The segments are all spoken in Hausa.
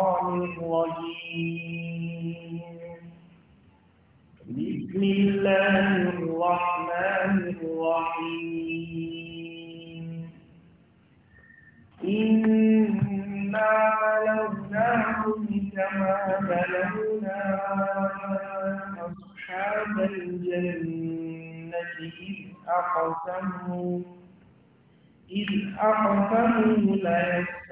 الشيطان الرجيم بسم الله الرحمن الرحيم إنا بلوناهم كما بلونا أصحاب الجنة إذ أقسموا إذ أقسموا ليسرقون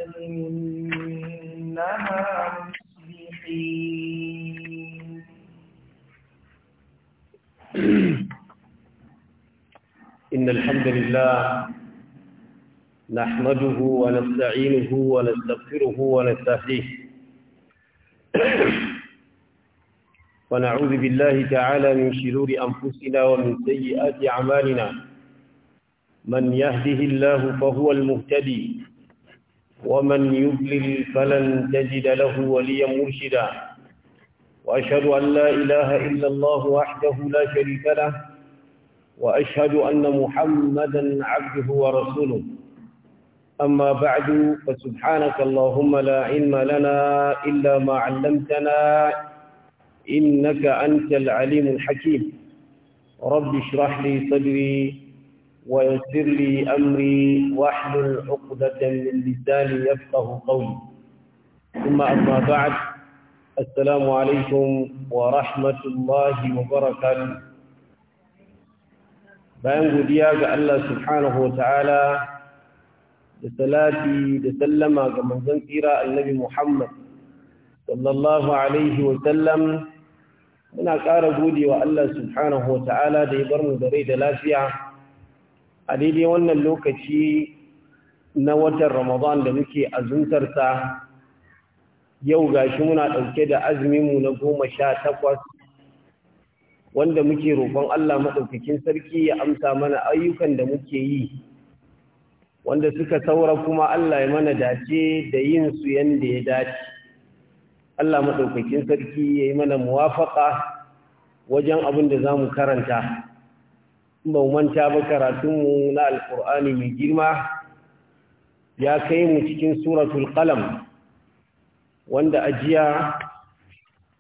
الحمد لله نحمده ونستعينه ونستغفره ونستهديه ونعوذ بالله تعالى من شرور أنفسنا ومن سيئات أعمالنا من يهده الله فهو المهتدي ومن يضلل فلن تجد له وليا مرشدا وأشهد أن لا إله إلا الله وحده لا شريك له وأشهد أن محمدا عبده ورسوله أما بعد فسبحانك اللهم لا علم لنا إلا ما علمتنا إنك أنت العليم الحكيم رب اشرح لي صدري ويسر لي أمري واحلل عقدة من لساني يفقه قولي ثم أما بعد السلام عليكم ورحمة الله وبركاته bayan godiya ga Allah subhanahu wa ta'ala da salati da sallama ga manzon tsira annabi Muhammad sallallahu alaihi wa sallam muna ƙara godewa Allah subhanahu wa ta'ala da ya bar mu da rai da lafiya a daidai wannan lokaci na watan Ramadan da muke azuntarsa yau gashi muna ɗauke da azumin mu na goma sha takwas wanda muke roƙon Allah maɗaukakin sarki ya amsa mana ayyukan da muke yi wanda suka saura kuma Allah ya mana dace da yin su yanda ya dace Allah maɗaukakin sarki ya yi mana muwafaƙa wajen abin da za mu karanta ba manta ba karatunmu na alƙur'ani mai girma ya kai mu cikin suratul qalam wanda ajiya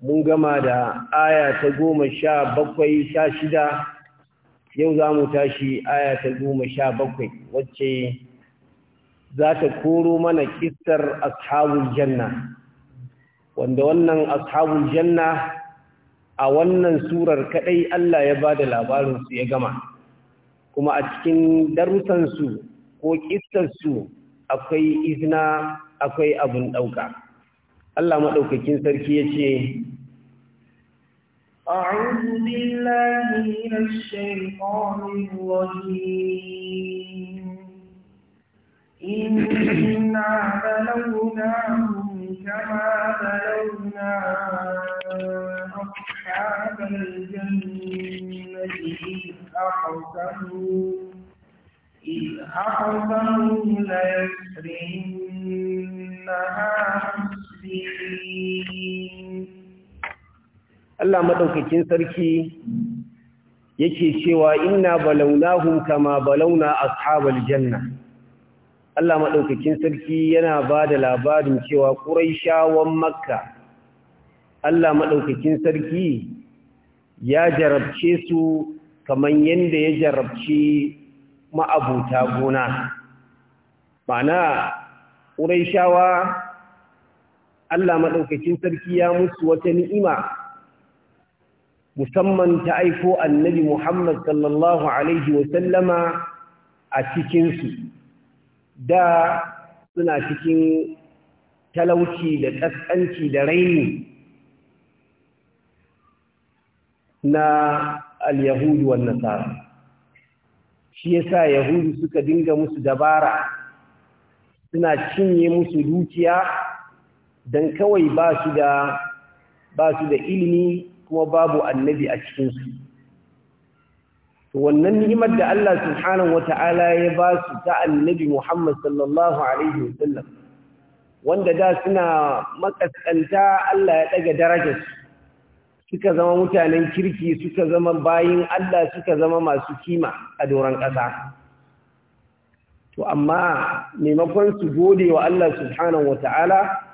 mun gama da aya ta goma sha bakwai sha shida yau za mu tashi aya ta goma sha bakwai wacce za ta koro mana kistar ashabul janna wanda wannan ashabul janna a wannan surar kadai Allah ya ba da labarinsu ya gama kuma a cikin darussansu ko kistarsu akwai izina akwai abin ɗauka. Allah maɗaukakin sarki ya ce, "A'udu lillahi na ina balauna kama balauna akwakar jannin Allah maɗaukakin sarki yake cewa inna Balaunahu kama balauna ashabal janna Allah maɗaukakin sarki yana ba da labarin cewa ƙurai shawon makka Allah maɗaukakin sarki ya jarabce su kamar yadda ya jarabci ma'abuta gona ma'ana shawa. Allah maɗaukakin sarki ya musu wata ni'ima musamman ta aiko annabi Muhammad sallallahu Alaihi wasallama a cikinsu da suna cikin talauci da ƙasƙanci da raini na al-yahudu wa nasara shi yasa yahudu suka dinga musu dabara suna cinye musu dukiya dan kawai ba su da ilimi kuma babu annabi a cikinsu wannan ni'imar da Allah subhanahu ta'ala ya ba su ta annabi Muhammad sallallahu alaihi wasallam wanda da suna makaskanta Allah ya daga su suka zama mutanen kirki suka zama bayin Allah suka zama masu kima a doron ƙasa to amma maimakon su gode wa Allah subhanahu ta'ala.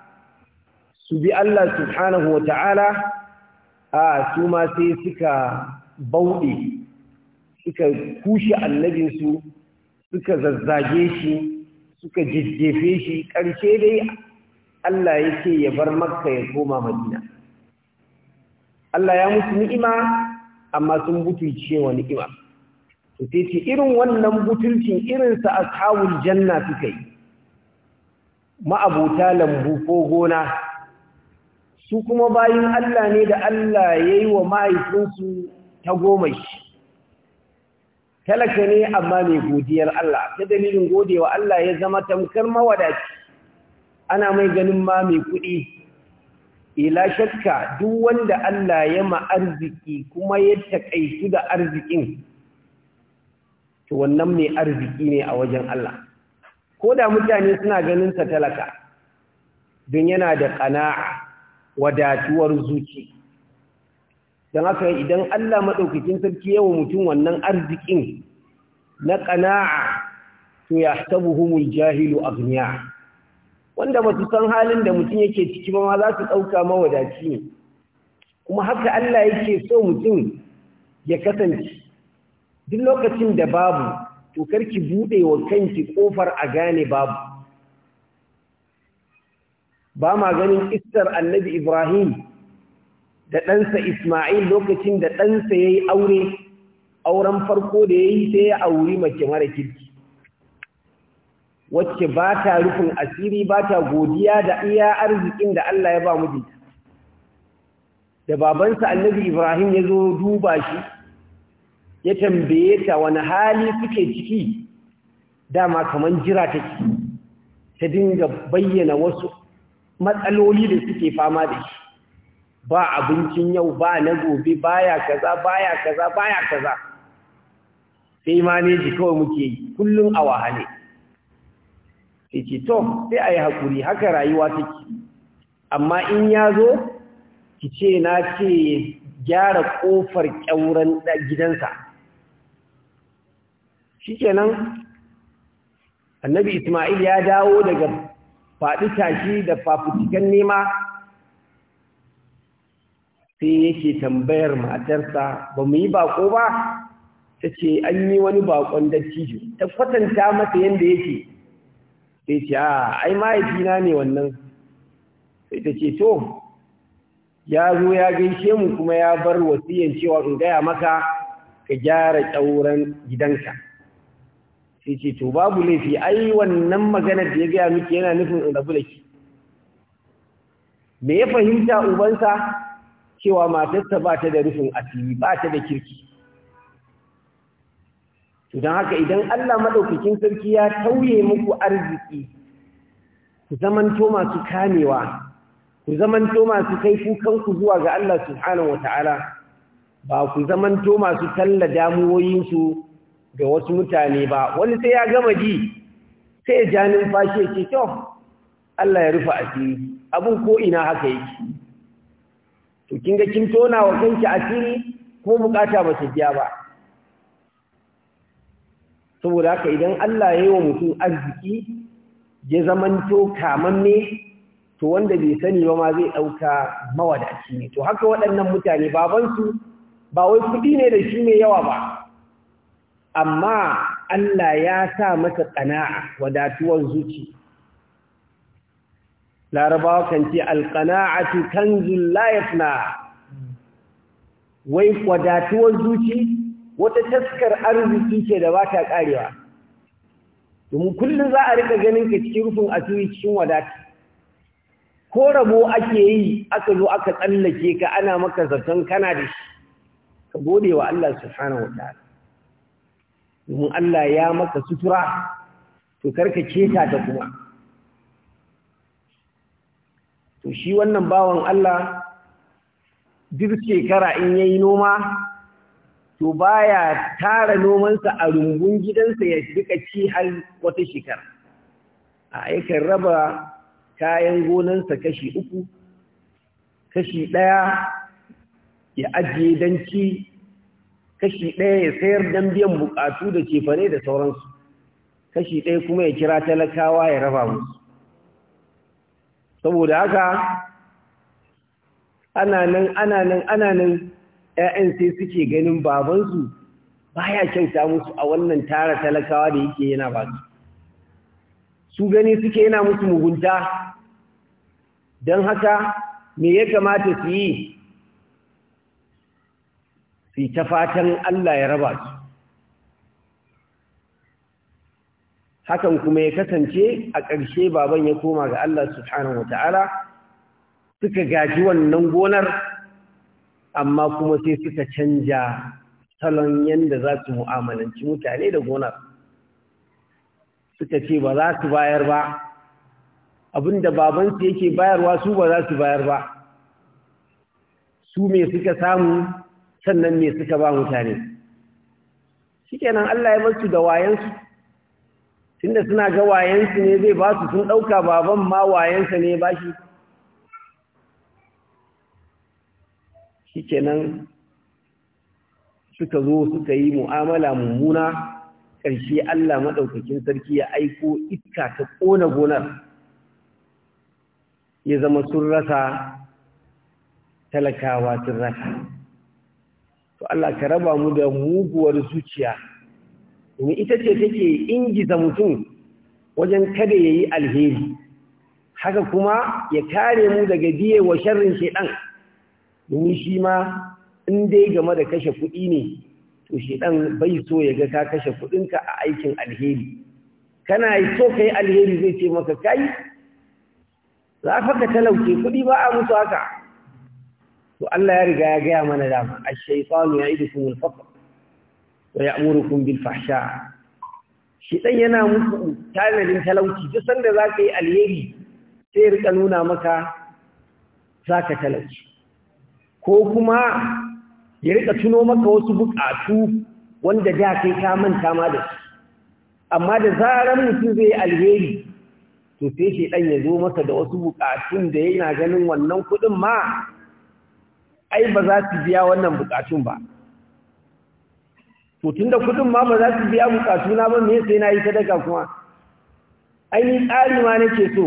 su bi Allah subhanahu wa ta'ala a su ma sai suka bauɗe suka kushe annabinsu suka zazzage shi suka jijjefe shi ƙarshe dai Allah ya ce ya bar makka ya koma madina Allah ya musu ni'ima amma sun butulce wa ni'ima Su sai ce irin wannan butulcin irinsa kawul janna suka yi ma'abuta lambu ko gona su kuma bayin Allah ne da Allah ya yi wa mahaifinsu ta goma shi talaka ne amma mai godiyar Allah ta dalilin godewa Allah ya zama tamkar mawadaci ana mai ganin ma mai kuɗi ila shakka duk wanda Allah ya ma arziki kuma ya taƙaitu da arzikin to wannan mai arziki ne a wajen Allah ko da mutane suna ganin sa talaka don yana da ƙana'a wadatuwar zuci don haka idan Allah maɗaukacin sarki yawa mutum wannan arzikin na ƙana'a to ya tabu humul jahilu agniya wanda ba su san halin da mutum yake ciki ba ma za su ɗauka mawadaci ne kuma haka Allah yake so mutum ya kasance duk lokacin da babu to karki buɗe wa kanki ƙofar a gane babu ba ma ganin istar annabi Ibrahim da ɗansa Ismail lokacin da ɗansa ya yi aure, auren farko da ya yi sai ya auri mace mara kirki, wacce ba ta rufin asiri ba ta godiya da iya arzikin da Allah ya ba mijinta. Da babansa annabi Ibrahim ya zo duba shi, ya tambaye ta wani hali suke ciki dama kaman jira take, ta dinga bayyana wasu matsaloli da suke fama da shi ba abincin yau ba na gobe baya kaza baya kaza baya kaza sai ma ji kawai muke yi kullum a wahale sai ce to sai a yi hakuri haka rayuwa take amma in ya zo ki ce na ce gyara ƙofar ƙyauren gidansa shi kenan annabi ismail ya dawo daga faɗi tashi da fafutukan nema sai yake tambayar matarsa ba mu yi baƙo ba ta ce an yi wani baƙon dattijo ta kwatanta masa yadda yake sai ce a ai mahaifina ne wannan sai ta ce to ya zo ya gaishe mu kuma ya bar wasiyan cewa in gaya maka ka gyara tsauran gidanka sai ce to babu laifi ai wannan maganar da ya gaya miki yana nufin in rabu da ki me ya fahimta ubansa cewa matarsa ba ta da rufin asiri ba ta da kirki to don haka idan Allah maɗaukakin sarki ya tauye muku arziki ku zamanto masu kamewa ku zamanto masu kai kukanku zuwa ga Allah subhanahu wata'ala ba ku zamanto masu talla damuwoyinsu ga wasu mutane ba wani sai ya gama ji sai ya ja numfashi ya ce kyau Allah ya rufe asiri abin ko ina haka yake to kin ga kin tona wa kanki asiri ko bukata ba ta biya ba saboda haka idan Allah ya yi wa mutum arziki ya zamanto kamamme to wanda bai sani ba ma zai ɗauka mawadaci ne to haka waɗannan mutane babansu ba wai kuɗi ne da shi mai yawa ba amma Allah ya sa masa ƙana'a wadatuwar zuci larabawa kan ce al'ƙana'a kanzul la yafna wai wadatuwar zuci wata taskar arziki ce da ba ta ƙarewa domin kullum za a rika ganin ka cikin rufin asiri cikin wadata ko rabo ake yi aka zo aka tsallake ka ana maka zaton kana da shi ka gode wa Allah subhanahu wa domin Allah ya maka sutura to karka keta ta kuma to shi wannan bawan Allah duk shekara in yayi noma to baya tara nomansa a rungun gidansa ya duka ci har wata shekara a aikin raba kayan gonansa kashi uku kashi ɗaya ya ajiye don ci kashi ɗaya ya sayar don biyan buƙatu da cefane da sauransu kashi ɗaya kuma ya kira talakawa ya raba musu saboda haka ana nan ana nan ana nan ‘ya'yan sai suke ganin babansu baya kyauta musu a wannan tara talakawa da yake yana ba su su gani suke yana musu mugunta don haka me ya kamata su yi su yi ta fatan Allah ya raba su hakan kuma ya kasance a ƙarshe baban ya koma ga Allah subhanahu wata'ala suka gaji wannan gonar amma kuma sai suka canja salon yadda za su mu'amalanci mutane da gonar suka ce ba za su bayar ba abinda babansu yake bayarwa su ba za su bayar ba su me suka samu sannan me suka ba mutane shikenan Allah ya basu da wayansu tunda suna ga wayansu ne zai ba su sun dauka baban ma wayansa ne ba shi shikenan suka zo suka yi mu'amala mummuna ƙarshe Allah maɗaukakin sarki ya aiko iska ta kona gonar ya zama sun rasa talakawa sun rasa to Allah ka raba mu da muguwar zuciya domin ita ce take ingiza mutum wajen kada ya yi alheri haka kuma ya kare mu daga biye wa sharrin shaidan domin shi ma in dai game da kashe kuɗi ne to shaidan bai so ya ga ka kashe kuɗinka a aikin alheri kana so ka yi alheri zai ce maka kai za fa ka talauke kuɗi ba a mutu haka to Allah ya riga ya gaya mana dama ash-shaytanu ya'idukum al-faqr wa ya'murukum bil fahsha shedan yana mutu tanadin talauci duk sanda za ka yi alheri sai rika nuna maka za ka talauci ko kuma ya rika tuno maka wasu bukatu wanda da kai ka manta ma da su amma da zaran mutum zai yi alheri to sai shedan ya zo masa da wasu buƙatun da yana ganin wannan kuɗin ma ai ba za su biya wannan bukatun ba to tunda kudin ma ba za su biya bukatuna ba me sai na yi sadaka kuma ai ni tsari ma nake so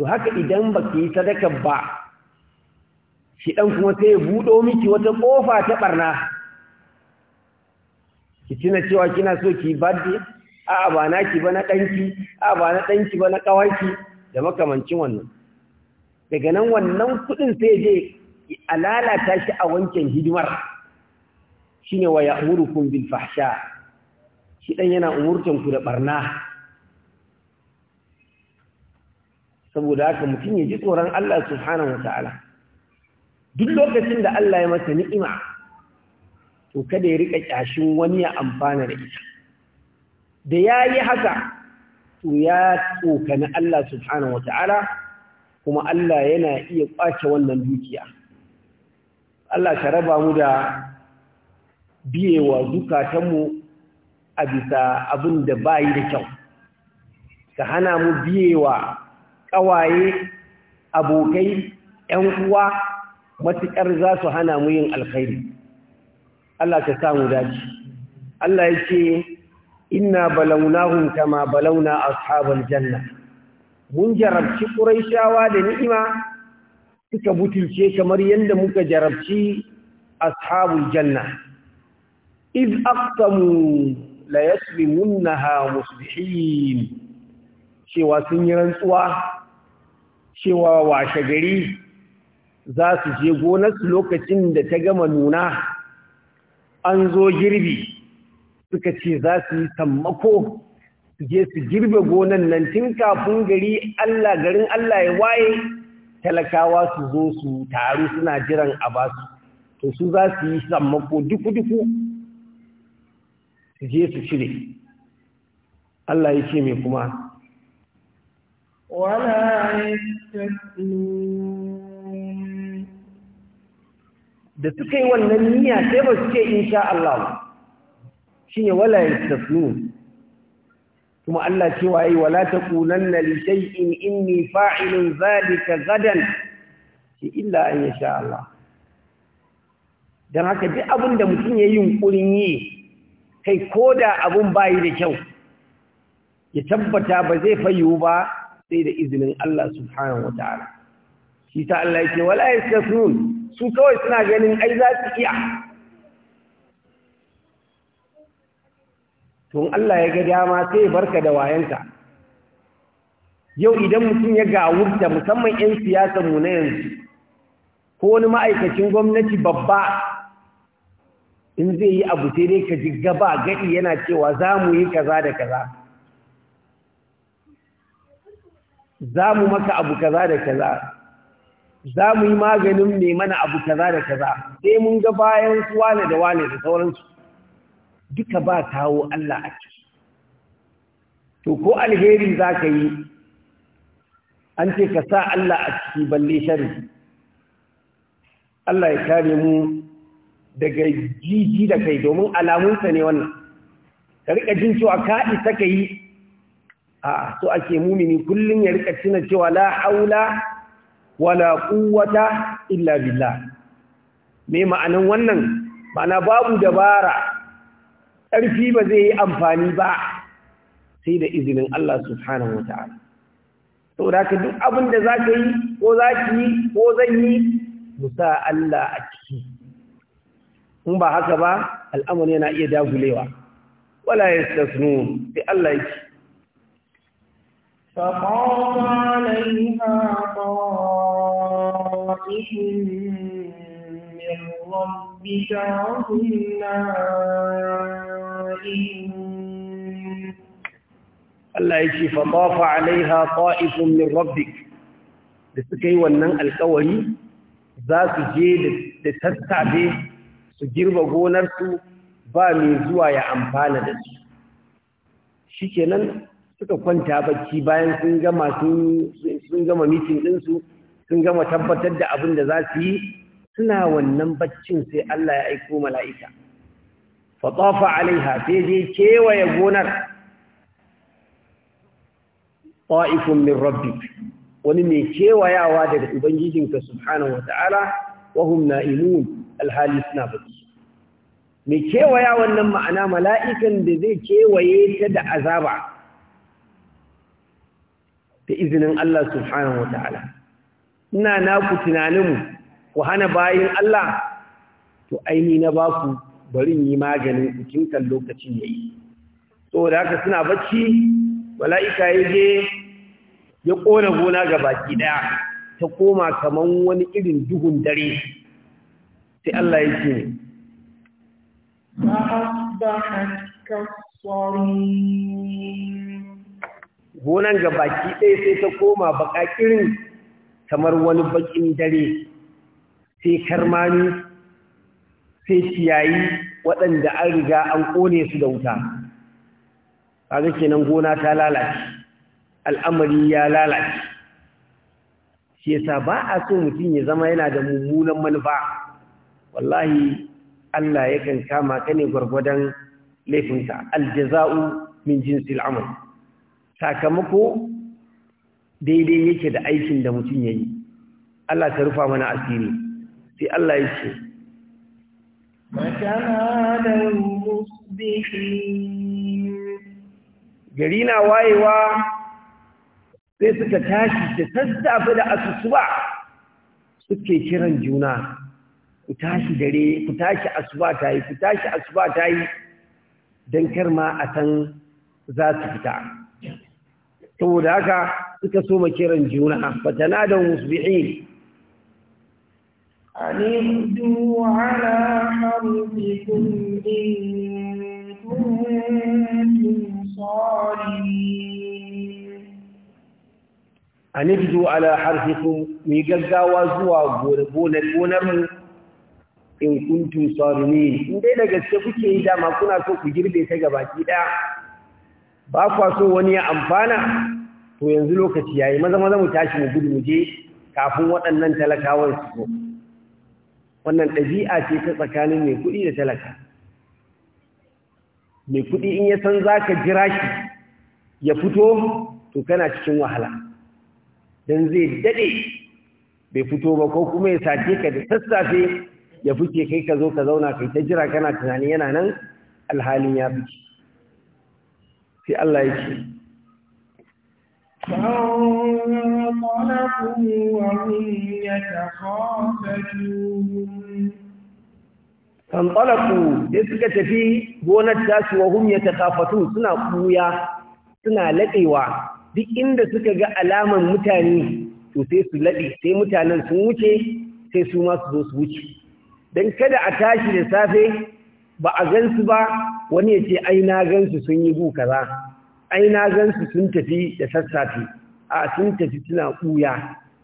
to haka idan ba ki yi sadaka ba shi dan kuma sai ya budo miki wata kofa ta barna ki tuna cewa kina so ki birthday a'a ba naki ba na danki a'a ba na danki ba na kawaki da makamancin wannan daga nan wannan kuɗin sai je a lalata shi a wancan hidimar ne wa ya'murukum bil fahsha shi ɗan yana umurtan ku da ɓarna. saboda haka mutum ya ji tsoron Allah subhanahu wataala duk lokacin da Allah ya masa ni'ima to kada ya rika ƙyashin wani ya amfana da ita da ya yi haka to ya tsokani Allah subhanahu wataala kuma Allah yana iya kwace wannan dukiya Allah ka raba mu da biyewa mu a bisa abin da bayi da kyau ka hana mu biyewa ƙawaye abokai ‘yan uwa matuƙar za su hana mu yin alkhairi Allah ka samu dace Allah ya ce inna balaunahum kama balauna ashabal janna mun jarabci ƙuraishawa da ni'ima suka butulce kamar yadda muka jarabci ashabul janna iz aqsamu la yaslimunnaha musbihin cewa sun yi rantsuwa cewa washe gari za su je gonarsu lokacin da ta gama nuna an zo girbi suka ce za su yi sammako su je su girbe gonan nan tun kafin gari Allah garin Allah ya waye talakawa su zo su taru suna jiran a ba su to su za su yi sammako duku-duku su je su cire Allah ya ce mai kuma wala da suka yi wannan niyya sai ba su ce insha Allah ne wala yastasnun kuma Allah cewa yi wala na li in inni fa'ilin zalika gadan ke illa an yasha Allah dan haka bi abin da mutum yi yunkurin yi kai koda abin bayi da kyau ya tabbata ba zai fayu ba sai da izinin Allah subhanahu wataala shi ta Allah yake wala yasnun su kawai suna ganin ai za su iya tun Allah ya ga dama sai barka da wayanta yau idan mutum ya wurta musamman 'yan siyasanmu na yanzu ko wani ma'aikacin gwamnati babba in zai yi abu sai dai ka ji gaba gadi yana cewa za mu yi kaza da kaza za mu maka abu kaza da kaza za mu yi maganin mai mana abu kaza da kaza sai mun ga bayan su wane da wane da sauransu duka ba kawo Allah a ciki to ko alheri za ka yi an ce ka sa Allah a ciki balle shari. Allah ya kare mu daga jiji da kai domin alamunsa ne wannan ka rika jin cewa ka isa ka yi a so ake mumini kullum ya rika cina cewa la haula wala quwwata illa billah me ma'anan wannan ma'ana babu dabara ƙarfi ba zai yi amfani ba sai da izinin Allah subhanahu ta’ala. to da ka duk abin da za ka yi ko za ki yi ko zan yi musa Allah a ciki in ba haka ba al’amun yana iya dagulewa wala sunu, sai Allah yake فطاف Allah ya ce أجمعين الله da suka yi yi wannan ربك za su je da جيد su girba gonarsu ba mai zuwa ya amfana da su shi kenan suka kwanta bacci bayan sun gama sun gama mitin ɗinsu sun gama tabbatar da abin da za su yi suna wannan baccin sai Allah ya aiko mala'ika fatafa alaiha sai je kewaye gonar ta'ifun min wani mai kewayawa daga ubangijinka subhanahu wata'ala wahum na'imun alhali suna bacci mai kewaya wannan ma'ana mala'ikan da zai kewaye ta da azaba ta izinin Allah subhanahu wata'ala ina naku tunaninmu ku hana bayin Allah to aini na baku bari yi maganin cikin kan lokacin yayi da haka suna bacci mala'ika yaje ya kona gona ga baki daya ta koma kaman wani irin duhun dare sai Allah ya ce gonan ga baki ɗaya sai ta koma bakakirin kamar wani baƙin dare sai karmani sai ciyayi waɗanda an riga an ƙone su da wuta Ba kaga kenan gona ta lalace al'amari ya lalace shi yasa ba a so mutum ya zama yana da mummunan manufa wallahi Allah ya kan kama ka ne gwargwadon laifinka aljaza'u min jin amal sakamako daidai yake da aikin da mutum ya yi. Allah ta rufa mana asiri sai Allah ya ce gari na wayewa sai suka tashi da sassafe da asusuba suke kiran juna ku tashi dare ku tashi asuba ta yi ku tashi asuba ta yi don karma a san za su fita saboda haka suka so kiran juna fatana da musbi'in أن اغدوا على حرثكم إن كنتم صارمين أن اغدوا على حرثكم gonar in kuntum sarimin in dai da gaske kuke yi dama kuna so ku girbe ta gabaki daya ba kwa so wani ya amfana to yanzu lokaci yayi maza mu tashi mu gudu mu je kafin waɗannan talakawan su wannan ɗabi'a ce ta tsakanin mai kuɗi da talaka mai kuɗi in ya san za ka jira shi ya fito to kana cikin wahala don zai daɗe bai fito ba ko kuma ya sace ka da sassafe ya fice kai ka zo ka zauna kai ta jira kana tunani yana nan alhalin ya fi sai Allah ya ce فانطلقوا وهم يتخافتون da suka tafi gonar tasu wa hum yatakafatu suna kuya suna laɗewa duk inda suka ga alaman mutane to sai su laɗe sai mutanen sun wuce sai su ma su zo su wuce don kada a tashi da safe ba a gansu ba wani ya ce ai na gansu sun yi bu kaza ai na gansu sun tafi da sassafe a sun tafi suna ɓuya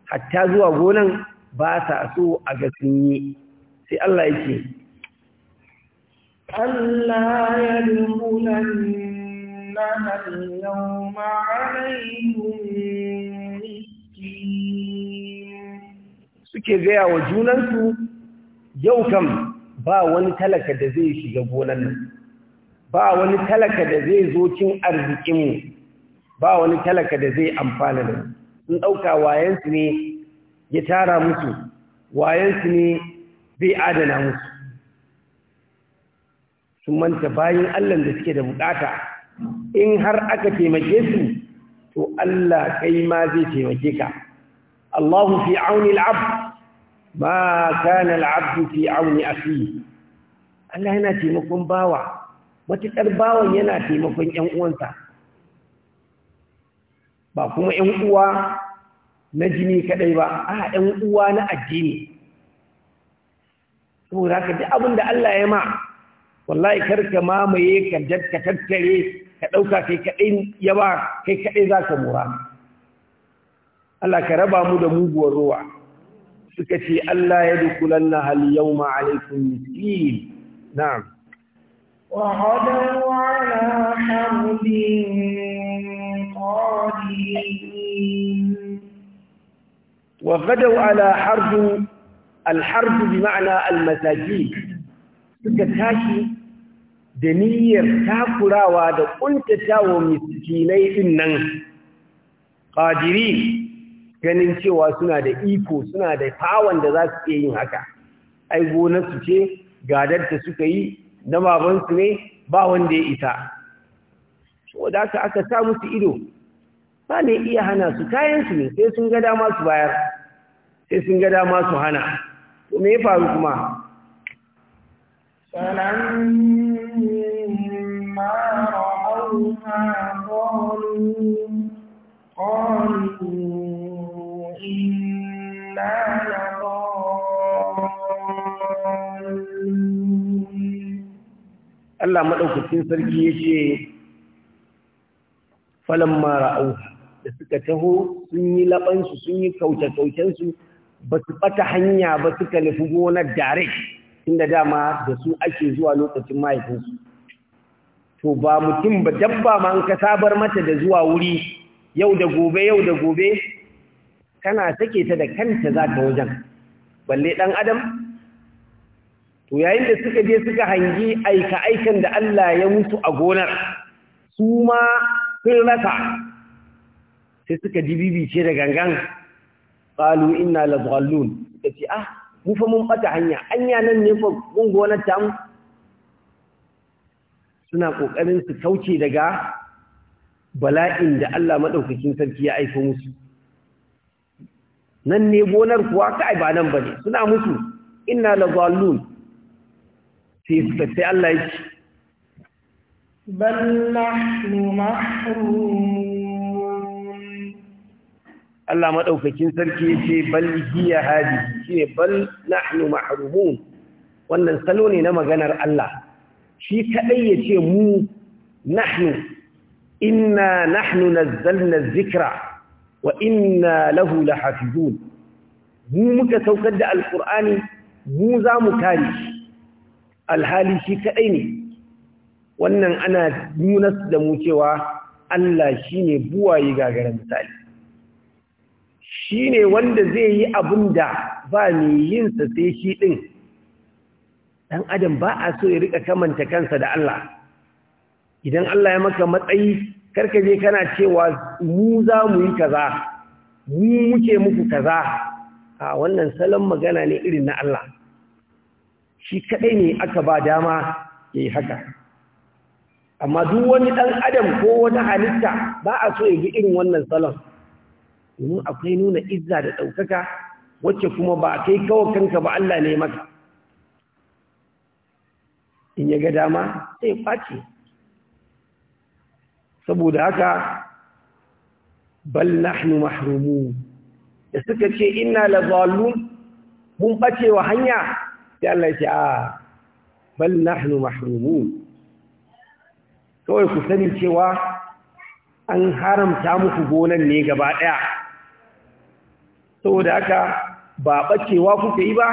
hatta zuwa gonan ba sa so a ga sun yi sai Allah yake Allah ya suke gaya wa junansu yau kam ba wani talaka da zai shiga gonan nan ba wani talaka da zai zo cin arzikinmu ba wani talaka da zai amfana da sun ɗauka wayansu ne ya tara musu wayansu ne zai adana musu sun manta bayan allah da suke da bukata in har aka taimake su to Allah kai ma zai taimake ka Allahu fi auni al ma kana al fi auni Allah yana taimakon bawa matuƙar bawon yana taimakon ‘yan uwansa ba kuma ‘yan uwa na jini kaɗai ba a ‘yan uwa na addini saboda ka ji abin da Allah ya ma wallahi karka mamaye ka tattare ka ɗauka kai kaɗai ya kai kaɗai za ka mura Allah ka raba mu da muguwar ruwa suka ce Allah ya dukulan na hali yau ma alaikun miskin na'am وغدوا على حرد قادرين وغدوا على حرد الحرد بمعنى المساجين سكتاشي da niyyar takurawa da ƙuntatawa miskinai ɗin nan ƙadiri ganin cewa suna da iko suna da fawon da za su iya yin haka ai gonarsu ce gadar da suka yi na babansu ne ba wanda ya isa saboda aka aka sa musu ido ba ne iya hana su kayansu ne sai sun ga dama su bayar sai sun gada masu hana to me ya faru kuma فلما رأوها قالوا قالوا إنا Allah maɗaukacin sarki ya ce falon mara auha da suka taho sun yi laɓansu sun yi kauce-kaucensu ba su ɓata hanya ba suka nufi gonar dare inda dama da su ake zuwa lokacin mahaifinsu to ba mutum ba dabba ma an ka sabar mata da zuwa wuri yau da gobe yau da gobe kana sake ta da kanta za ta wajen balle ɗan adam to yayin da suka je suka hangi aika-aikan da Allah ya mutu a gonar su ma sun rasa sai suka ce da gangan ƙalu ina labarallun da ce ah fa mun ɓata hanya anya nan ne fa mun gonar suna ƙoƙarin su kauce daga bala'in da Allah maɗaukakin sarki ya aiko musu nan ne gonar kuwa ka ba ba ne suna mutu ina labghallun sai suka sai Allah ya ce bal nahnu mahrumun Allah madaukakin sarki ya ce bal hiya hadi shine bal nahnu mahrumun wannan salo ne na maganar Allah shi kadai ya ce mu nahnu inna nahnu nazzalna dhikra wa inna lahu lahafizun mu muka saukar da alqur'ani mu za mu kare shi alhali shi kaɗai ne wannan ana nuna da mu cewa Allah shi ne buwaye gagara misali shi ne wanda zai yi abin da ba mai yinsa sai shi ɗin ɗan adam ba a so ya rika kamanta kansa da Allah idan Allah ya maka matsayi karka je kana cewa mu za mu yi kaza mu muke muku kaza a wannan salon magana ne irin na Allah shi kaɗai ne aka ba dama ya yi haka amma duk wani ɗan adam ko wani halitta ba a so ya bi irin wannan salon domin akwai nuna izza da ɗaukaka wacce kuma ba a kai kawo kanka ba Allah ne maka in ya ga dama sai face saboda haka bal nahnu mahrumu da suka ce ina la zalun mun bace hanya sai Allah ya ce a ah, bal nahnu mahrumun kawai ku sani cewa an haramta muku gonan ne gaba daya saboda haka ba bacewa kuka yi ba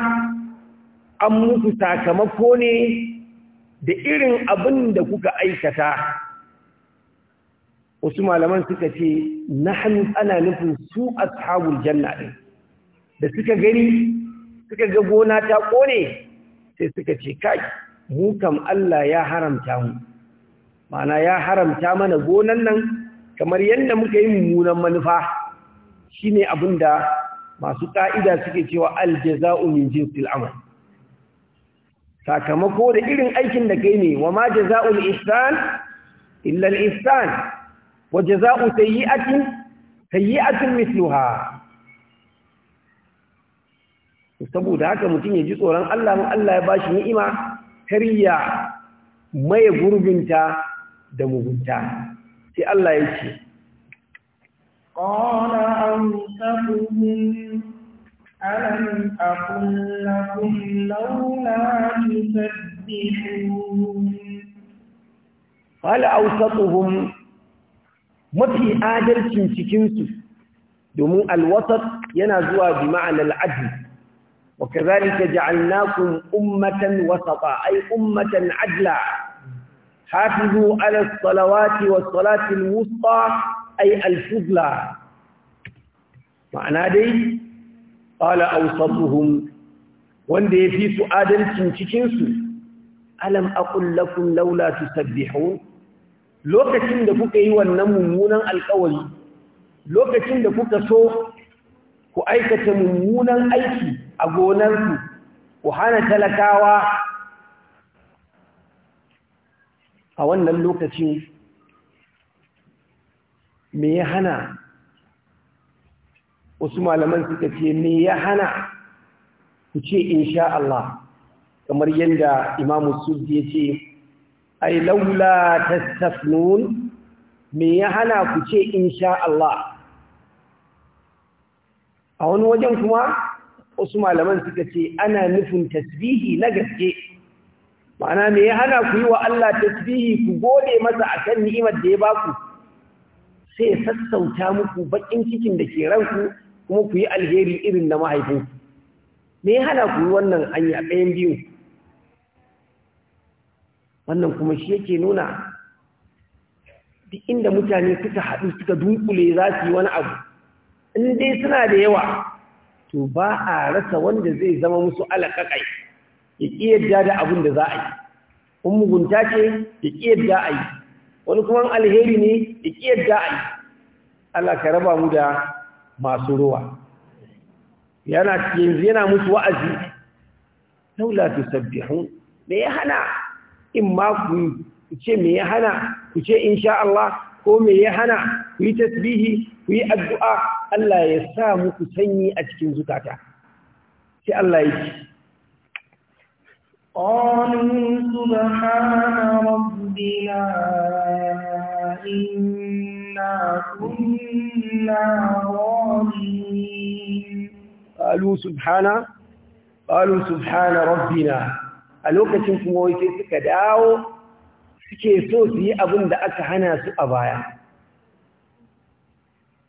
an muku sakamako ne da irin abin da kuka aikata wasu malaman suka ce nahnu ana nufin su ashabul janna din da suka gani suka ga gona ta kone sai suka ce kai mu kam Allah ya haramta mu mana ya haramta mana gonan nan kamar yadda muka yi mummunan manufa shine abinda masu ka'ida suke cewa aljaza'u min jinsil amal sakamako da irin aikin da kai ne wa ma jaza'ul ihsan illa al ihsan wa jaza'u sayyi'atin sayyi'atin mithluha saboda haka mutum ya ji tsoron Allah mun Allah ya ba shi ni'ima kariya, mai maye gurbinta da mugunta sai Allah ya ce qala amsakuhum alam aqul lakum laula tusabbihun qal awsatuhum mafi adalcin cikinsu domin alwasat yana zuwa bi ma'anar adil وكذلك جعلناكم أمة وسطا أي أمة عدلا حافظوا على الصلوات والصلاة الوسطى أي الفضلى معنى دي قال أوسطهم وان دي في سؤادة تنتكنس ألم أقل لكم لولا تسبحون لو كتن دفوك أيها النمونا القول لو كتن دفوك سوء كأيكة منمونا أيكي a gonarsu ku hana talakawa a wannan lokacin me ya hana wasu malaman suka ce me ya hana ku ce insha Allah kamar yadda imamu sudi ya ce ai laula tasafnun me ya hana ku ce sha Allah a wani wajen kuma wasu malaman suka ce ana nufin tasbihi na gaske ma'ana me ya hana ku yi wa Allah tasbihi ku gode masa a kan ni'imar da ya baku sai ya sassauta muku bakin cikin da ke ranku kuma ku yi alheri irin na mahaifinku me ya hana ku yi wannan hanya ɗayan biyu wannan kuma shi yake nuna duk inda mutane suka haɗu suka dunkule za su yi wani abu in dai suna da yawa to ba a rasa wanda zai zama musu alaƙaƙai ya ƙi yadda da abin da za a yi in mugunta ce ya ƙi yadda a wani kuma alheri ne ya ƙi yadda a yi Allah ka raba mu da masu ruwa yana yanzu yana musu wa'azi laula tusabbihun me ya hana in ma ku ce me ya hana ku ce insha Allah ko me ya hana ku yi tasbihi ku yi addu'a Allah ya sa muku sanyi a cikin zukata sai Allah ya ce قالوا ina ربنا إنا كنا ظالمين subhana, Ƙalu قالوا سبحان ربنا a lokacin kuma wake suka dawo suke so su yi abin da aka hana su a baya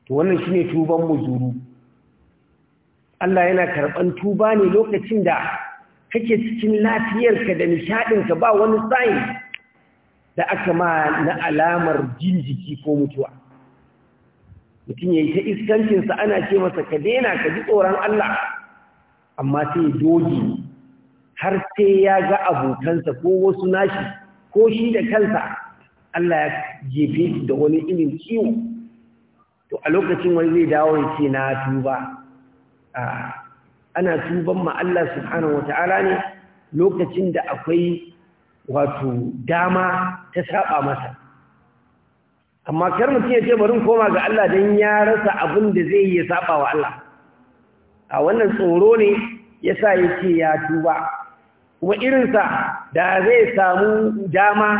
to wannan shine tuban muzuru Allah yana karban tuba ne lokacin da kake cikin lafiyarka da nishadinka ba wani sai da aka ma na alamar jinjiki ko mutuwa mutum yayi ta iskancin sa ana ce masa ka daina ka ji tsoron Allah amma sai doji har sai ya ga abokansa ko wasu nashi ko shi da kansa Allah ya jefe da wani irin ciwo to a lokacin wani zai dawo ya ce na tuba ana tuban ma Allah subhanahu wata'ala ne lokacin da akwai wato dama ta saba masa amma kar mutum ya ce bari koma ga Allah don ya rasa abin da zai iya saba wa Allah a wannan tsoro ne ya sa ya ce ya tuba kuma irinsa da zai samu dama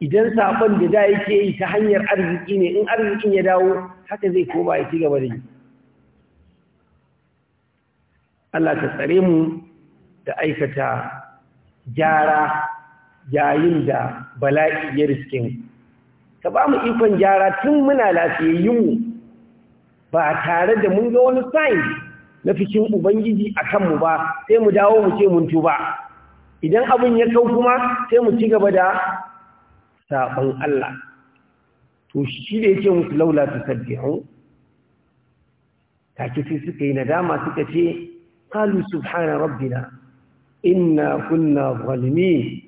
idan saban da da yake yi ta hanyar arziki ne in arzikin ya dawo haka zai koma ya ci gaba da yi Allah ta tsare mu da aikata gyara yayin da bala'i ya riske mu ka ba mu ikon gyara tun muna lafiyayyunmu ba tare da mun ga wani sign na fikin ubangiji a kanmu ba sai mu dawo mu ce mun tuba idan abin ya kau kuma sai mu ci gaba da saɓon Allah to shi da yake musu laula ta sabbihu take sai suka yi nadama suka ce qalu subhana rabbina inna kunna zalimin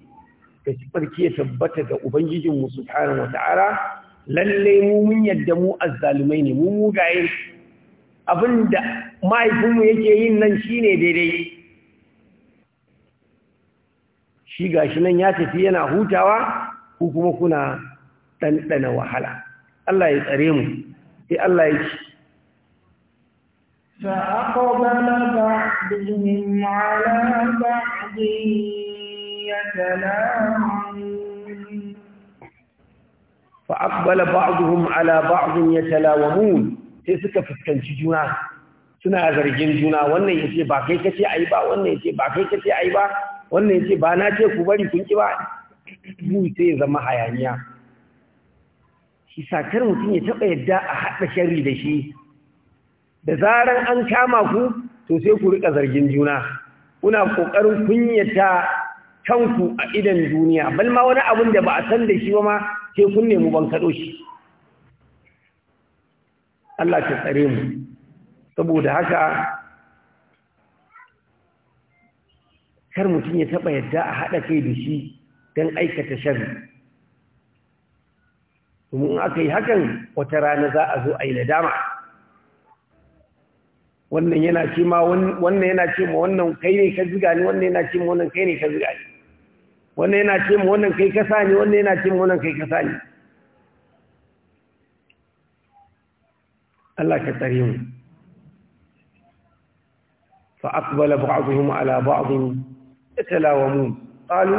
ka ci barki ya tabbata ga ubangijin mu subhanahu wataala lalle mu mun yadda mu azzalumai ne mu gaye, abinda mahaifinmu yake yin nan shine daidai shi gashi nan ya tafi yana hutawa ku kuma kuna ɗanɗana wahala Allah ya tsare mu ya Allah ya ci فأقبل بعضهم على بعض يتلاومون فأقبل بعضهم على بعض يتلاومون sai suka fuskanci juna suna zargin juna wannan ya ce ba kai kace yi ba wannan ya ce ba kai kace yi ba wannan ya ce ba na ce ku bari kun ki ba mu sai ya zama hayaniya shi sakar mutum ya taɓa yadda a haɗa shari da shi da zaran an kama ku to sai ku riƙa zargin juna kuna ƙoƙarin kunyata kanku a idan duniya bal ma wani abin da ba a san da shi ba ma sai kun nemi ban kaɗo shi Allah ta tsare mu saboda haka kar mutum ya taɓa yadda a haɗa kai da shi don aikata shari domin aka yi hakan wata rana za a zo a yi nadama wannan yana ce ma wannan yana ce ma wannan kai ne ka ziga ni wannan yana ce ma wannan kai ne ka ziga ni wannan yana ce ma wannan kai ka sa ni wannan yana ce ma wannan kai ka sa ni Allah ka tsare mu fa aqbala ba'dhum ala ba'd yatalawamun qalu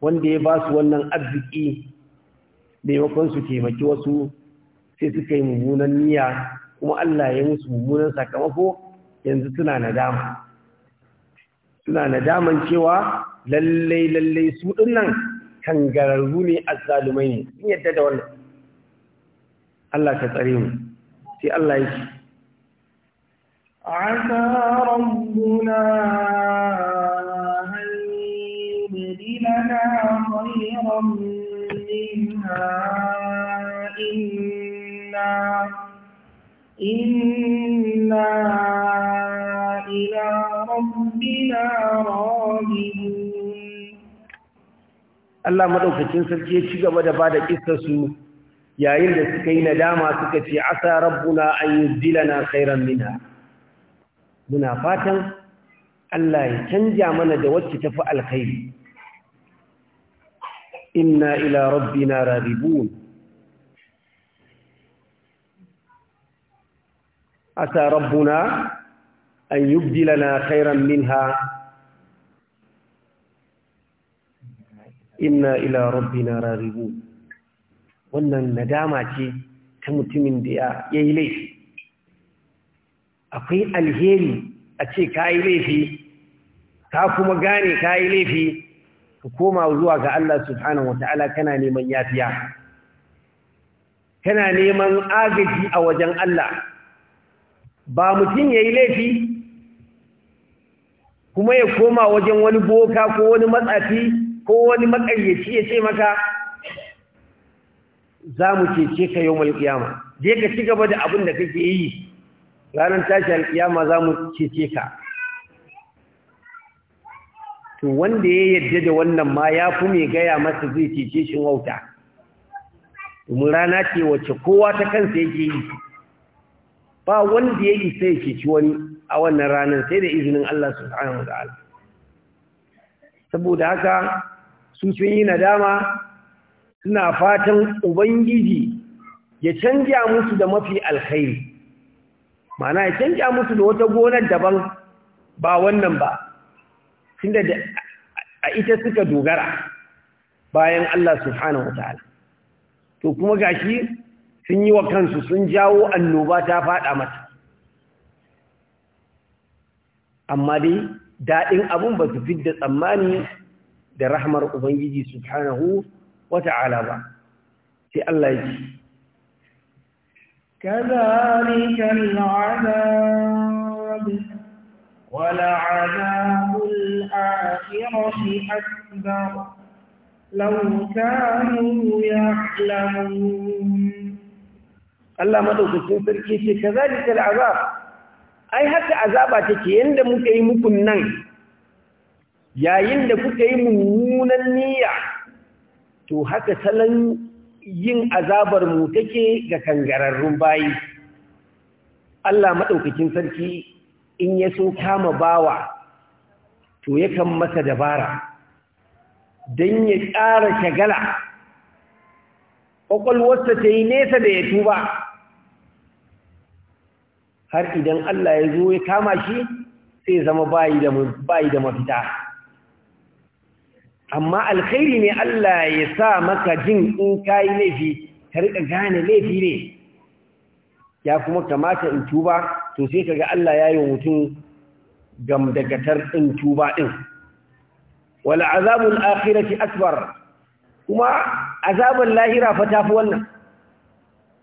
wanda ya ba su wannan arziki maimakon su taimaki wasu sai suka yi mummunan niyya kuma Allah ya musu mummunan sakamako yanzu suna nadama suna nadaman cewa lallai lallai su dinnan kangararru ne azzalumai ne sun yadda da wannan Allah ka tsare mu sai Allah ya ce عسى ربنا خيرا منها إنا إنا إلى ربنا Allah madaukakin sarki ya ci gaba da bada da su yayin da suka yi nadama suka ce asa rabbuna an yuzilana khairan minha muna fatan Allah ya canja mana da wacce tafi alkhairi إنا إلى ربنا راغبون عسى ربنا أن يبدلنا خيرا منها إنا إلى ربنا راغبون wannan nadama ce ta mutumin da ya yi laifi akwai alheri a ce ka yi laifi ka kuma gane ka yi laifi ka koma zuwa ga Allah subhanahu wata'ala kana neman yafiya kana neman agaji a wajen Allah ba mutum yayi laifi kuma ya koma wajen wani boka ko wani matsafi ko wani makayyaci ya ce maka za mu cece ka yau malƙiyama je ka ci gaba da abin da kake yi ranar tashi alƙiyama za mu cece ka to wanda ya yarda da wannan ma ya fi mai gaya masa zai cece shi wauta domin rana ce wacce kowa ta kansa yake yi ba wanda ya isa ya ceci wani a wannan ranar sai da izinin Allah subhanahu wa saboda haka su sun yi nadama suna fatan ubangiji ya canja musu da mafi alkhairi mana ya canja musu da wata gonar daban ba wannan ba tunda da a ita suka dogara bayan Allah subhanahu wataala to kuma gashi sun yi wa kansu sun jawo annoba ta fada mata amma dai daɗin abun ba su da tsammani da rahmar ubangiji subhanahu wataala ba sai Allah ya ce كذلك العذاب ولعذاب الآخرة أكبر لو كانوا يعلمون Allah madaukakin sarki ce kazalika al'azab ai haka azaba take yanda muka yi muku nan yayin da kuka yi mummunan niyya to haka salon yin azabar mu take ga kangararrun bayi Allah maɗaukacin sarki in ya so kama bawa to yakan masa dabara don ya ƙara shagala ƙwaƙwalwarsa ta yi nesa da ya tuba har idan Allah ya zo ya kama shi sai zama bayi da mafita amma alkhairi ne Allah ya sa maka jin in kayi laifi ka riƙa gane laifi ne ya kuma kamata in tuba to sai kaga Allah ya yi wa mutum gamdagatar ɗin tuba ɗin wal azabul akhirati akbar kuma azabul lahira fa tafi wannan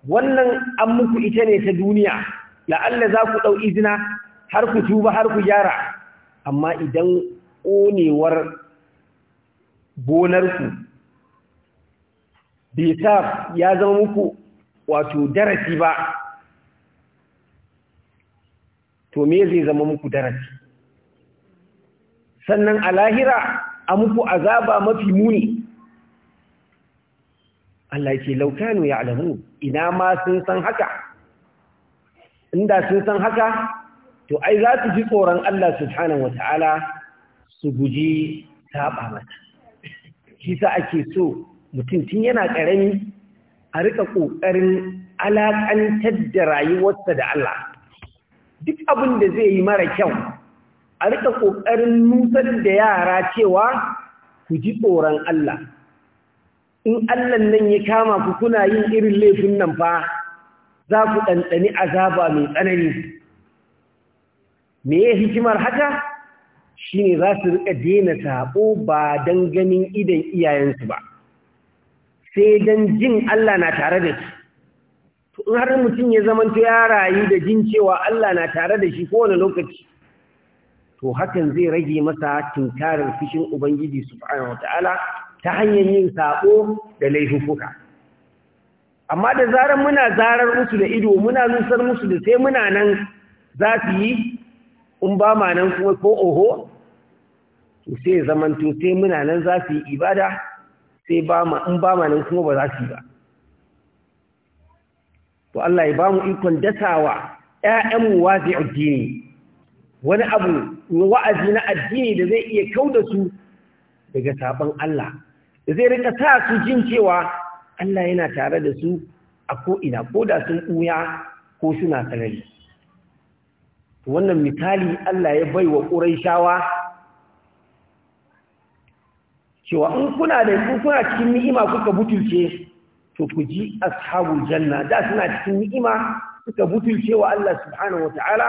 wannan an muku ita ne ta duniya Allah za ku ɗau izina har ku tuba har ku gyara amma idan ƙonewar gonarku bai sa ya zama muku wato darasi ba to me zai zama muku darasi sannan a lahira a muku azaba mafi muni Allah ke laukanu ya alamu ina ma sun san haka inda sun san haka to ai za su ji tsoron Allah subhanahu wata'ala su guji saba mata shi sa ake so mutum tun yana ƙarami a rika ƙoƙarin alaƙantar da rayuwarsa da Allah duk abin da zai yi mara kyau a rika ƙoƙarin nusar da yara cewa ku ji tsoron Allah in Allah nan ya kama ku kuna yin irin laifin nan fa za ku ɗanɗani azaba mai tsanani me ya hikimar haka shi ne za su rika daina saɓo ba don ganin idan iyayensu ba sai don jin Allah na tare da su in har mutum ya zamanta ya rayu da jin cewa Allah na tare da shi kowane lokaci to hakan zai rage masa tinkarar fishin ubangiji subhanahu wataala ta hanyar yin sako da laifuka amma da zarar muna zarar musu da ido muna nusar musu da sai muna nan za su yi in ba ma nan kuma ko oho to sai zamanto sai muna nan za su yi ibada sai in ba ma nan kuma ba za su yi ba to Allah ya bamu mu ikon dasawa ‘ya'yanmu wazi addini wani abu wa'azi na addini da zai iya kau da su daga saban Allah da zai rika sa su jin cewa Allah yana tare da su a ko'ina ko da sun ɓuya ko suna sarari wannan misali Allah ya bai wa shawa cewa in kuna da kuna cikin ni'ima kuka butulce to ku ji ashabul janna da suna cikin ni'ima suka butulce wa Allah subhanahu wata'ala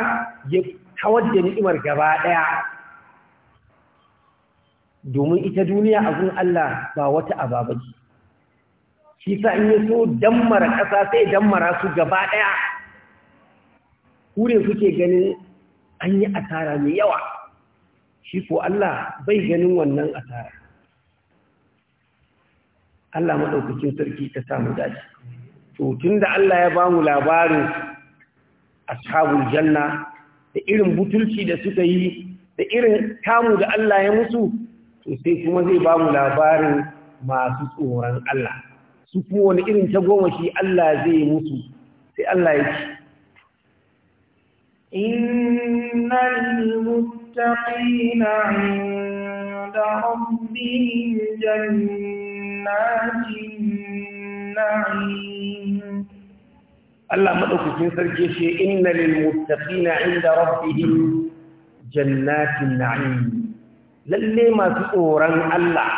ya kawar da ni'imar gaba daya domin ita duniya abun Allah ba wata ababa ce shi sa in ya so dammara ƙasa sai dammara su gaba daya kure kuke ganin an yi asara mai yawa shi ko Allah bai ganin wannan asara Allah maɗaukacin sarki ta samu dace to da Allah ya ba mu labarin ashabul janna da irin butulci da suka yi da irin kamu da Allah ya musu sosai kuma zai ba mu labarin masu tsoron Allah su kuma wani irin ta goma shi Allah zai musu sai Allah ya ce innal muttaqina 'inda rabbihim jannat جنات النعيم الله مدوكين سركي شي ان للمتقين عند ربهم جنات na'im. lalle masu tsoron Allah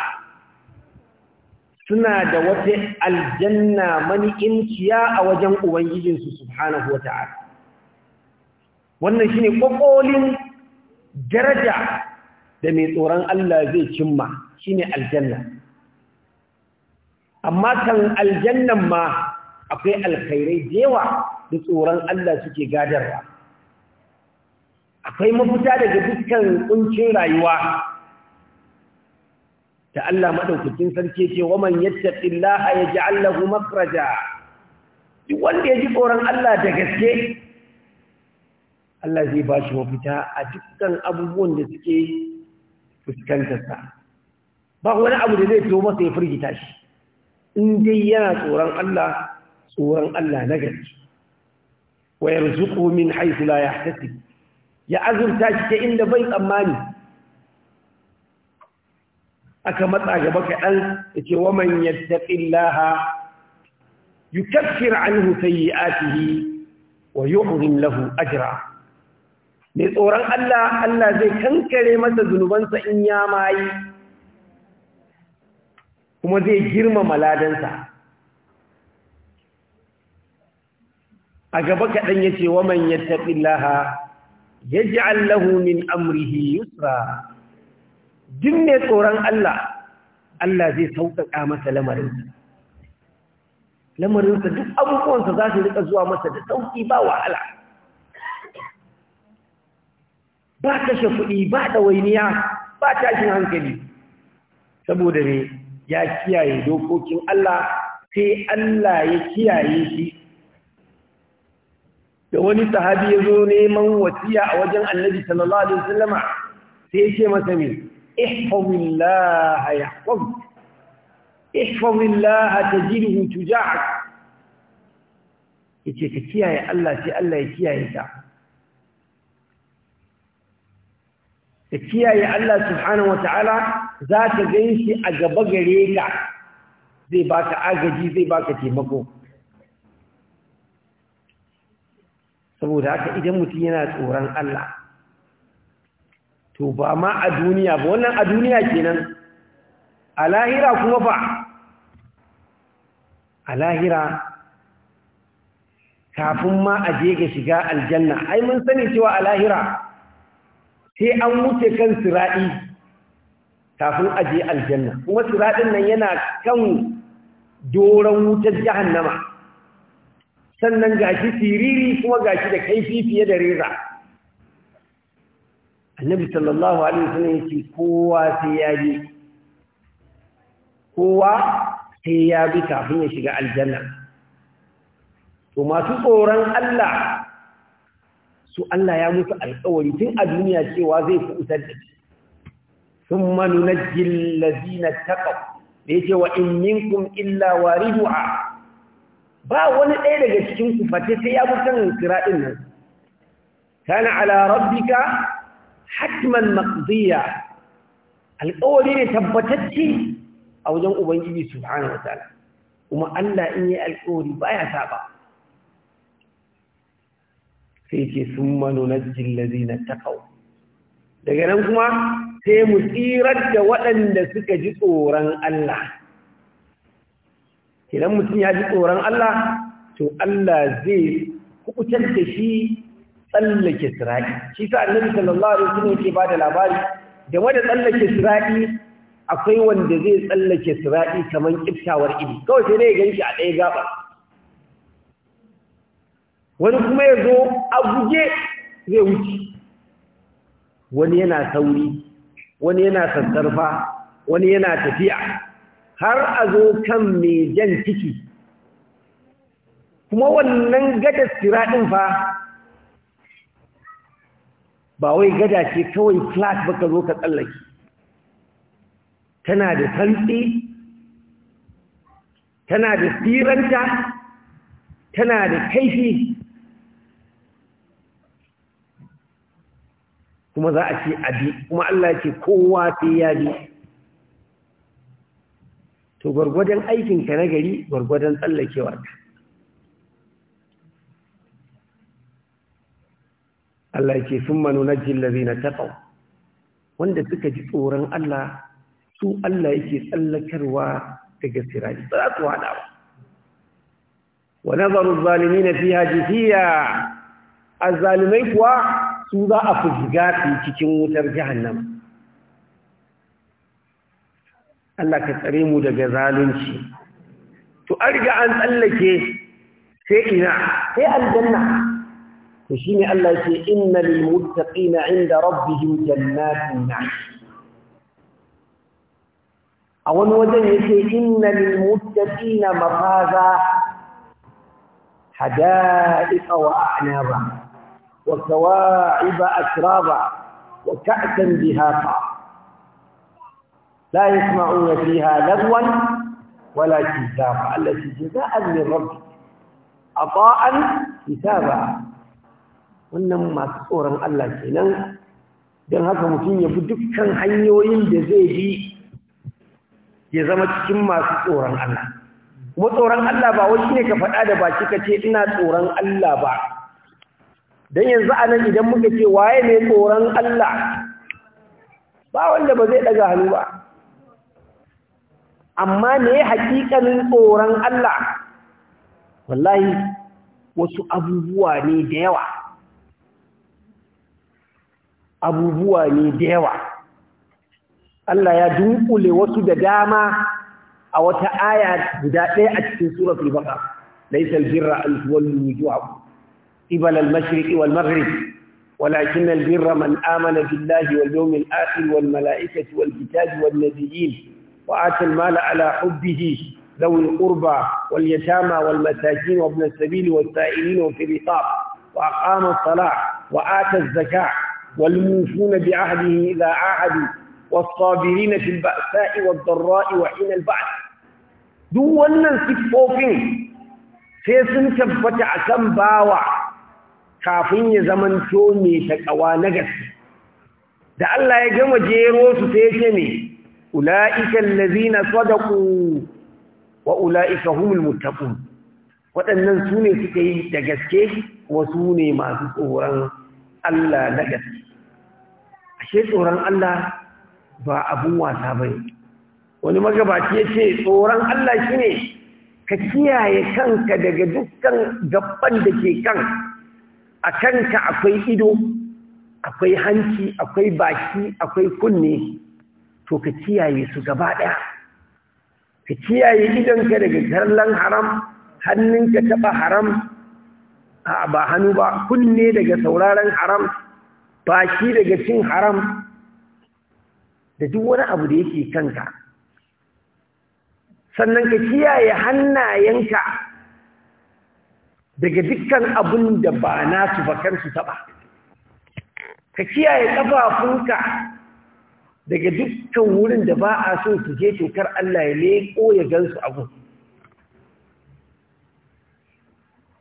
suna da wata aljanna mani'inciya a wajen ubangijinsu subhanahu wa ta'ala wannan shine kokolin daraja da mai tsoron Allah zai cimma shine aljanna amma kan aljannan ma akwai alkhairai da yawa da tsoron Allah suke gadarwa akwai mafita daga dukkan kuncin rayuwa da Allah madaukakin sarki ce wa man yattaqillaha yaj'al lahu makhraja duk wanda ya ji tsoron Allah da gaske Allah zai ba shi mafita a dukkan abubuwan da suke fuskantarsa ba wani abu da zai to masa ya firgita shi in dai yana tsoron Allah tsoron Allah na gari wa yarzuqu min haythu la yahtasib ya azurta shi ta inda bai tsammani aka matsa gaba kaɗan ya yace wa man yattaqillaha yukaffir anhu sayi'atihi wa yu'rim lahu ajra mai tsoron Allah Allah zai kankare masa zunubansa in ya mayi kuma zai girmama sa. a gaba kaɗan ya ce wa man ya taɓi laha ya ji allahu min amrihi yusra jin ne tsoron Allah Allah zai sauƙaƙa masa lamarinsa lamarinsa duk abubuwansa za su rika zuwa masa da sauƙi ba wahala ba kashe kuɗi ba ɗawainiya ba tashin hankali saboda ne ya kiyaye dokokin Allah sai Allah ya kiyaye shi da wani sahabi ya zo neman wasiya a wajen annabi sallallahu alaihi wasallama sai ya ce masa me ihfazillaha yahfazuk ihfazillaha tajidhu tuja'ak yace ka kiyaye Allah sai Allah ya kiyaye ka ka kiyaye Allah subhanahu ta'ala. za ka gan shi a gaba gare ka zai baka agaji zai baka taimako saboda haka idan mutum yana tsoron Allah to ba ma a duniya ba wannan a duniya kenan a lahira kuma ba a lahira kafin ma a je ga shiga aljanna ai mun sani cewa a lahira sai an wuce kan sira'i kafin a je aljanna kuma siratin nan yana kan doron wutar jahannama sannan gashi siriri kuma gashi da kaifi fiye da reza annabi sallallahu alaihi wasallam yace kowa sai ya bi kowa sai ya bi kafin ya shiga aljanna to masu tsoron Allah su Allah ya musu alƙawari tun a duniya cewa zai fi usar da shi ثم ننجي الذين اتقوا ليجي وإن منكم إلا واردها ba wani ɗaya daga cikin ku face sai ya bi kira kira'in nan kana ala rabbika hatman maqdiya alƙawari ne tabbatacce a wajen ubangiji subhanahu wataala kuma Allah in yi alƙawari baya saba sai ce jin nunajjil ladina taqaw daga nan kuma sai mu tsirar da waɗanda suka ji tsoron Allah idan mutum ya ji tsoron Allah to Allah zai kuɓutar da shi tsallake sira'i shi sa annabi sallallahu alaihi wasallam ba da labari da tsallake sira'i akwai wanda zai tsallake sira'i kamar ƙiftawar iri. kawai sai dai shi a ɗaya gaba wani kuma ya zo a guje zai wuce wani yana sauri wani yana sassarfa wani yana tafiya har a zo kan mai jan ciki kuma wannan gada ɗin fa ba wai gada ce kawai flat ka zo ka tsallake tana da santsi tana da siranta tana da kaifi kuma za a ce abi kuma Allah ya ce kowa sai ya bi to gwargwadon aikinka na gari gwargwadon ka Allah ya ce sun manu na na taɓau wanda suka ji tsoron Allah su Allah yake tsallakarwa daga siraji ba za su haɗa ba wa nazarin zalimi na fiya jifiya a zalimai kuwa su za a fuzga su cikin wutar jahannama Allah ka tsare mu daga zalunci to an riga an tsallake sai ina sai aljanna to shine Allah yake inna lil muttaqina inda rabbihim jannatin na'im a wani wajen yake innal muttaqina mafaza hada'iqa wa a'naba وكواعب أترابا وكأسا دهاقا لا يسمعون فيها لغوا ولا كذابا التي جزاء من ربك عطاء حسابا wannan masu tsoron Allah kenan don haka mutum ya fi dukkan hanyoyin da zai bi ya zama cikin masu tsoron Allah kuma tsoron Allah ba wani ne ka faɗa da baki ka ce ina tsoron Allah ba don yanzu anan idan muka ce waye ne tsoron Allah ba wanda ba zai daga hannu ba amma ne hakikanin tsoron Allah wallahi wasu abubuwa ne da yawa abubuwa ne da yawa Allah ya dunkule wasu da dama a wata aya guda ɗaya a cikin suratul baqara laysa al-birra an tuwallu قبل المشرق والمغرب ولكن البر من آمن بالله واليوم الآخر والملائكة والكتاب والنبيين وآتى المال على حبه ذوي القربى واليتامى والمساكين وابن السبيل والسائلين وفي الرقاب وأقام الصلاة وآتى الزكاة والموفون بعهده إذا عاهدوا والصابرين في البأساء والضراء وحين البعث دون سكفوفين sai sun tabbata a kan kafin ya zamanto mai taƙawa na gaske da Allah ya gama jero su sai ce ne ula'ikan lazina sadaku wa ula'ika humul mutaqun waɗannan su ne suka yi da gaske wasu ne masu tsoron Allah na gaske ashe tsoron Allah ba abun wasa ba ne wani magabaci ya ce tsoron Allah shi ne ka kiyaye kanka daga dukkan gabban da ke kan a kanka akwai ido akwai hanci akwai baki akwai kunne to ka kiyaye su gaba ɗaya ka kiyaye idonka daga kallon haram hannunka taɓa haram a ba hannu ba kunne daga sauraron haram baki daga cin haram da duk wani abu da yake kanka sannan ka kiyaye hannayenka daga dukkan abin da ba su ba su taɓa ka kiyaye ƙafafunka daga dukkan wurin da ba a so su je tokar Allah ya leko ya gansu abu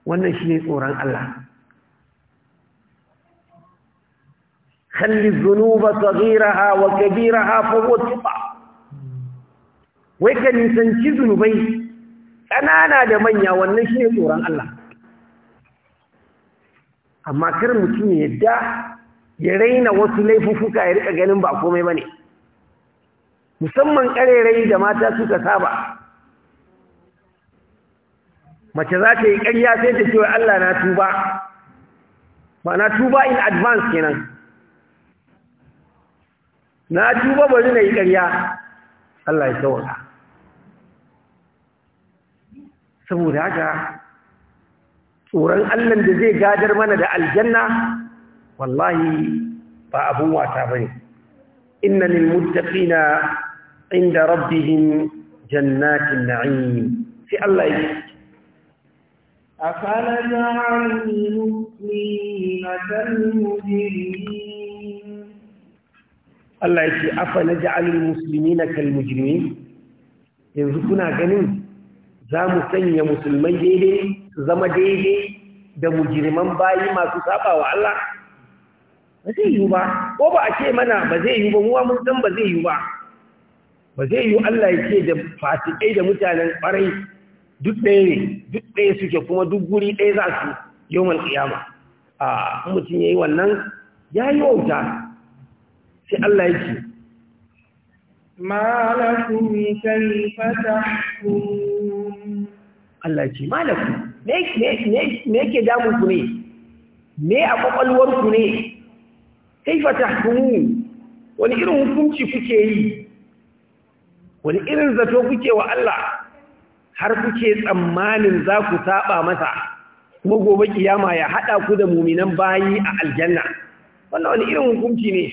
wannan shi ne tsoron Allah Zunuba, الذنوب صغيرها وكبيرها fawo تقع wai ka nisanci zunubai ƙanana da manya wannan shi ne tsoron Allah amma kar mutum ya da ya raina wasu laifufuka ya rika ganin ba komai ba ne musamman ƙarerai da mata suka saba mace za ta yi ƙarya sai ta wa Allah na tuba ba na tuba in advance kenan na tuba bari na yi karya, Allah ya saboda haka tsoron Allah da zai gadar mana da aljanna wallahi ba abun wata bane inna lil muttaqina inda rabbihim jannatin na'im sai Allah yake أفلا جعل المسلمين كالمجرمين الله يقول أفلا جعل Yanzu kuna ganin? Za mu sanya musulmai daidai? su zama daidai da mujirman bayi masu saba wa Allah ba zai yi ba ko ba a ce mana ba zai yi ba muwa mun san ba zai yi ba ba zai yi Allah ya ce da fasikai da mutanen ƙwarai duk ɗaya ne duk ɗaya suke kuma duk guri ɗaya za su yau mal kiyama a mutum ya yi wannan ya yi wauta sai Allah ya ce malakum kaifa tahkum Allah ya ce malakum me yake damun ku ne me a kwakwalwar ku ne kaifa tahkumun wani irin hukunci kuke yi wani irin zato kuke wa Allah har kuke tsammanin za ku saba masa kuma gobe kiyama ya haɗa ku da muminan bayi a aljanna wannan wani irin hukunci ne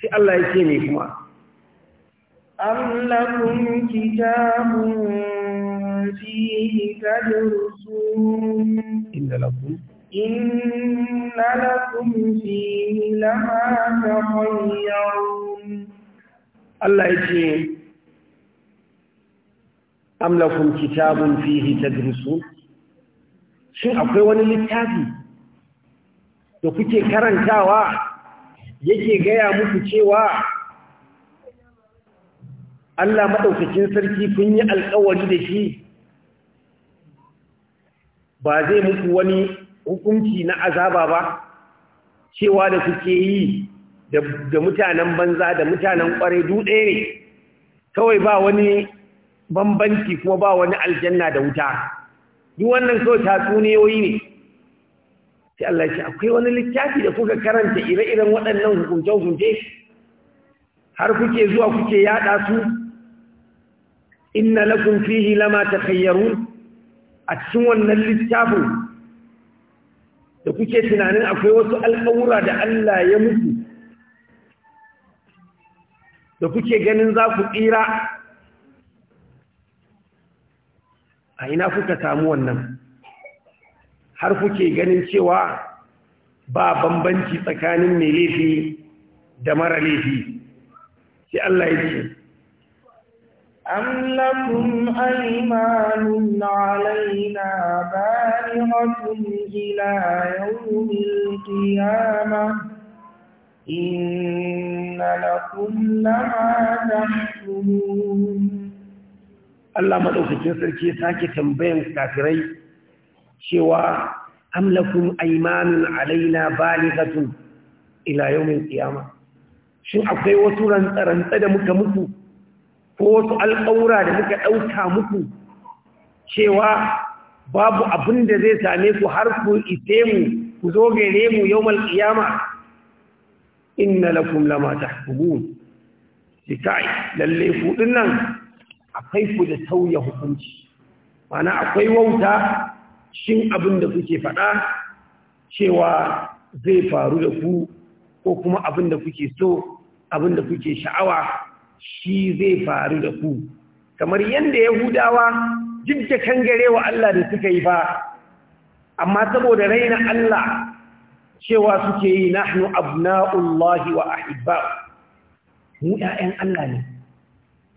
sai Allah ya ce ne kuma am lakum kitabun فيه تدرسون إن لكم إن لكم فيه لما تخيرون الله يجي أم لكم كتاب فيه تدرسون shin أقوى wani littafi da kuke karantawa yake gaya muku cewa Allah maɗaukacin sarki kun yi alkawari da shi ba zai muku wani hukunci na azaba ba cewa da kuke yi da mutanen banza da mutanen kware ɗaya ne kawai ba wani bambanci kuma ba wani aljanna da wuta duk wannan so tatsuniyoyi ne sai Allah ya ce akwai wani littafi da kuka karanta ire-iren waɗannan hukunce-hukunce har kuke zuwa kuke yada su inna lakum fihi lama takhayyarun a cikin wannan littafin da kuke tunanin akwai wasu alƙawura da Allah ya mutu da kuke ganin za ku tsira a ina kuka samu wannan har kuke ganin cewa ba bambanci tsakanin mai laifi da mara laifi sai Allah ya ce أم لكم أيمان علينا بالغة إلى يوم القيامة إن لكم لما تحكمون الله مدوكتين سركي ساكي تنبين كافري شوى أم لكم أيمان علينا بالغة إلى يوم القيامة شن أقوى سورة رنطة رنطة مكة مكة ko wasu alƙawura da muka ɗauka muku cewa babu abin da zai same ku har ku ite mu ku zo gare mu yau malƙiyama inna lakum lama tahkumun sikai lalle kuɗin nan, akwai ku da sauya hukunci mana akwai wauta shin abin da kuke faɗa cewa zai faru da ku ko kuma abin da kuke so abin da kuke sha'awa shi zai faru da ku kamar yadda yahudawa duk da wa Allah da suka yi ba amma saboda raina Allah cewa suke yi nahnu abna'ullahi wa ahibba mu ƴaƴan Allah ne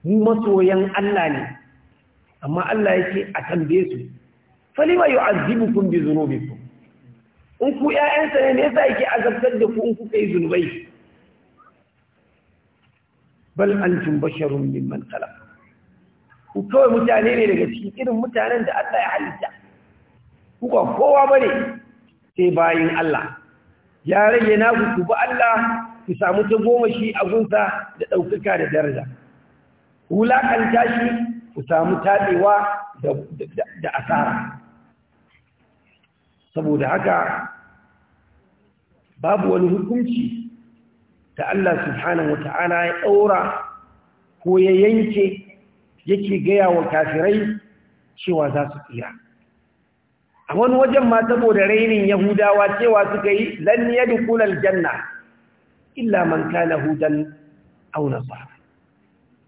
mu masoyan Allah ne amma Allah yake a tambaye su falima yu'azzibukum bi dhunubikum in ku ƴaƴansa ne me yasa yake azabtar da ku in ku kai zunubai bal antum basharun mimman khalaq ku kawai mutane ne daga cikin irin mutanen da Allah ya halitta ku ba kowa bane sai bayin Allah ya rage naku ku ba Allah ku samu ta goma shi a gunsa da ɗaukaka da daraja ku wulaƙanta shi ku samu da da asara saboda haka babu wani hukunci da Allah subhanahu wa ta'ala ya ɗaura ko ya yanke yake gaya wa kafirai cewa za su tsira. A wani wajen ma saboda rainin Yahudawa cewa suka yi lan ya dukunan janna, illa man kana hudan auna ba.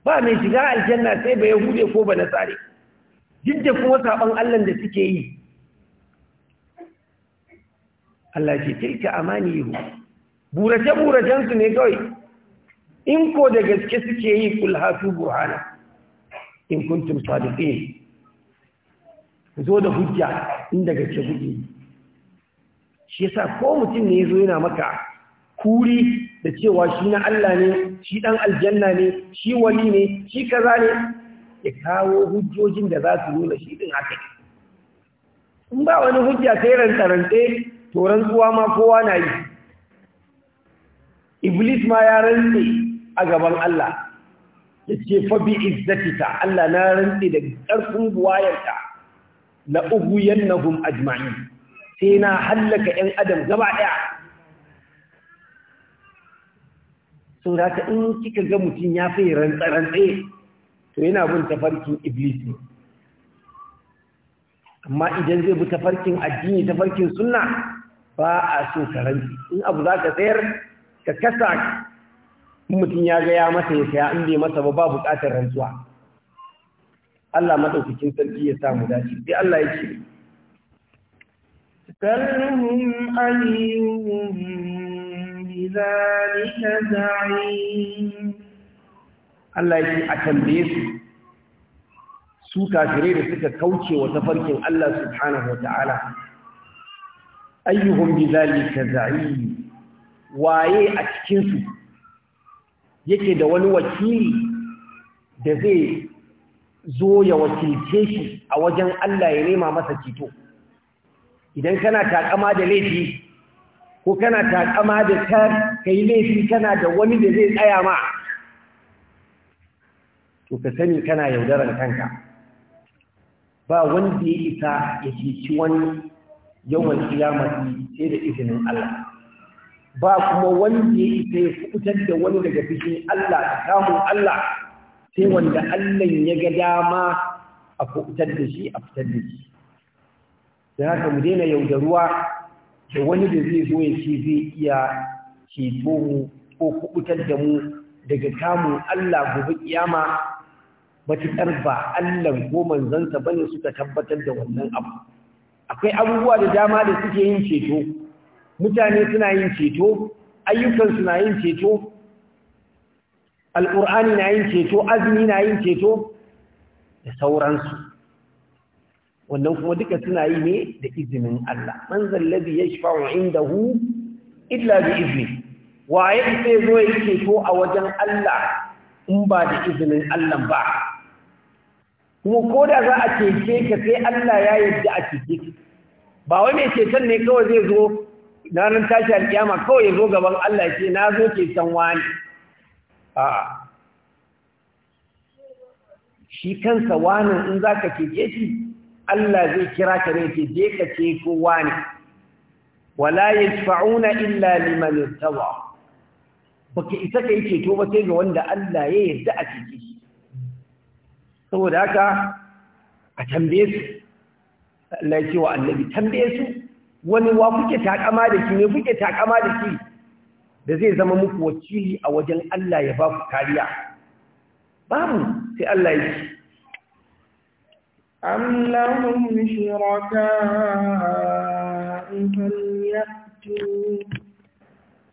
Ba mai shiga aljanna sai ba Yahude ko ba Nasare, duk da kuma saɓon allah da suke yi. Allah ce, Tilka amani burace-buracensu ne kawai in ko da gaske suke yi kulhatu burhana in kuntum sadiqin zo da hujja in daga gaske kuke shi yasa ko mutum ne yazo yana maka kuri da cewa shi na Allah ne shi dan aljanna ne shi wali ne shi kaza ne ya kawo hujjojin da za su nuna shi din haka in ba wani hujja sai tarante to rantsuwa ma kowa na yi iblis ma ya rantse a gaban Allah ya ce fabi izzatika Allah na rantse da ƙarfin buwayarta la ubuyannahum ajma'in sai na hallaka ƴan adam gaba ɗaya so da ka in kika ga mutum ya fi rantsa-rantsa to yana bin tafarkin iblis ne amma idan zai bi tafarkin addini tafarkin sunna ba a so ka rantsi in abu za ka tsayar ka kasa mutum ya ga ya masa ya saya in ya masa ba ba buƙatar rantsuwa Allah madaukakin sarki ya samu dace sai Allah ya ce سلهم أيهم بذلك زعيم Allah yake a tambaye su su kafirai da suka kauce wa tafarkin Allah subhanahu wata'ala ayyuhum zalika za'im waye a cikinsu yake da wani wakili da zai zo ya wakilce shi a wajen Allah ya nema masa cito idan kana takama da laifi ko kana takama da kar kai laifi kana da wani da zai tsaya ma to ka sani kana yaudaran kanka ba wanda ya isa ya ci wani yawan kiyamati sai da izinin Allah ba kuma wanda ya isa ya kubutar da wani daga bikin Allah da kamun Allah sai wanda Allah ya ga dama a kubutar da shi a fitar da shi da haka mu daina yaudaruwa da wani da zai zo ya ci zai iya ceto mu ko kubutar da mu daga kamun Allah gobe kiyama matuƙar ba Allah ko manzansa bane suka tabbatar da wannan abu akwai abubuwa da dama da suke yin ceto mutane suna yin ceto ayyukan suna yin ceto alƙur'ani na yin ceto azumi na yin ceto da sauransu wannan kuma duka suna yi ne da izinin Allah man zallabi ya indahu illa bi izni wa ya zo ya ceto a wajen Allah in ba da izinin Allah ba kuma ko da za a cece ka sai Allah ya yarda a cece ba wai mai ceton ne kawai zai zo ranar tashi alƙiyama kawai ya gaban Allah ce na zo ke san wani a'a shi kansa wani in zaka ka keke shi Allah zai kira ka ne ke je ka ce ko wani wala yashfa'una illa liman irtawa baka isa kai ceto ba sai ga wanda Allah ya yarda a ciki shi saboda haka a tambaye su Allah ya ce wa annabi tambaye su wani wa kuke takama da shi ne kuke takama da shi da zai zama muku wakili a wajen Allah ya ba ku kariya babu sai Allah ya ce am lahum shuraka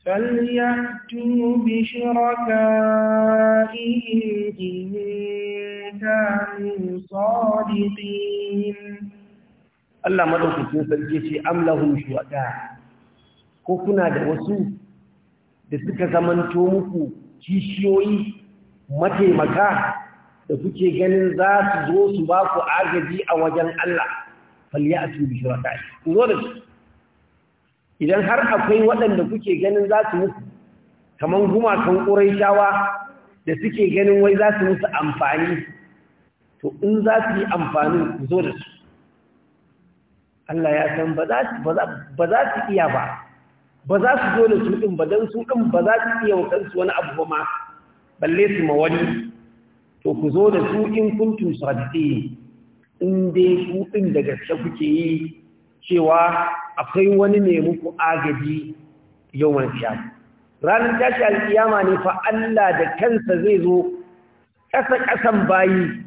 فليأتوا بشركائهم إن كانوا Allah madaukakin sarki ce amlahu shuwada ko kuna da wasu da suka zamanto muku kishiyoyi mataimaka da kuke ganin za su zo su ba ku agaji a wajen Allah falyatu bi shuwada zo da idan har akwai waɗanda kuke ganin za su muku kaman gumakan ƙuraishawa da suke ganin wai za su musu amfani to in za su yi amfani ku zo da su Allah ya san ba za su iya ba ba za su zo da su ɗin ba don su ɗin ba za su iya wa kansu wani abu ba ma balle su ma wani to ku zo da su in kuntum sadiqi in dai su ɗin da gaske kuke yi cewa akwai wani ne muku agaji yau wani siya. ranar tashi alkiyama ne fa Allah da kansa zai zo ƙasa-ƙasan bayi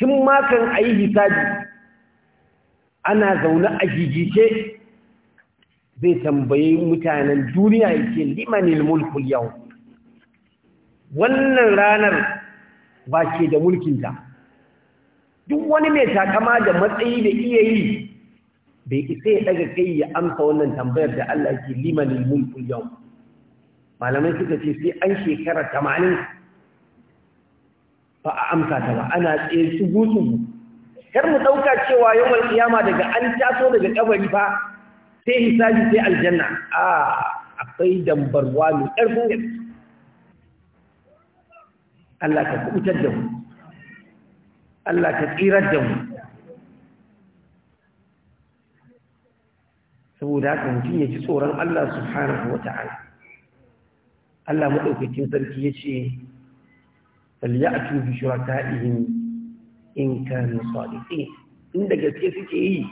tun makan a yi hisabi ana zaune a gigice zai tambayi mutanen duniya yake limanil mulkul yau wannan ranar ba ke da mulkinta duk wani mai takama da matsayi da iya yi bai isa ya daga kai ya amsa wannan tambayar da Allah ke limanil mulkul yau malamai suka ce sai an shekara 80 ba a amsa ta ba ana tsaye tsugu-tsugu kar mu ɗauka cewa yawan kiyama daga an taso daga kabari fa sai hisabi sai aljanna a akwai dambarwa mai ƙarfin gaske Allah ka kubutar da mu Allah ka tsirar da mu saboda haka mutum ya ji tsoron Allah subhanahu wa ta'ala Allah maɗaukakin sarki ya ce falyatu bi shuraka'ihim in kanu sadiqi inda gaske suke yi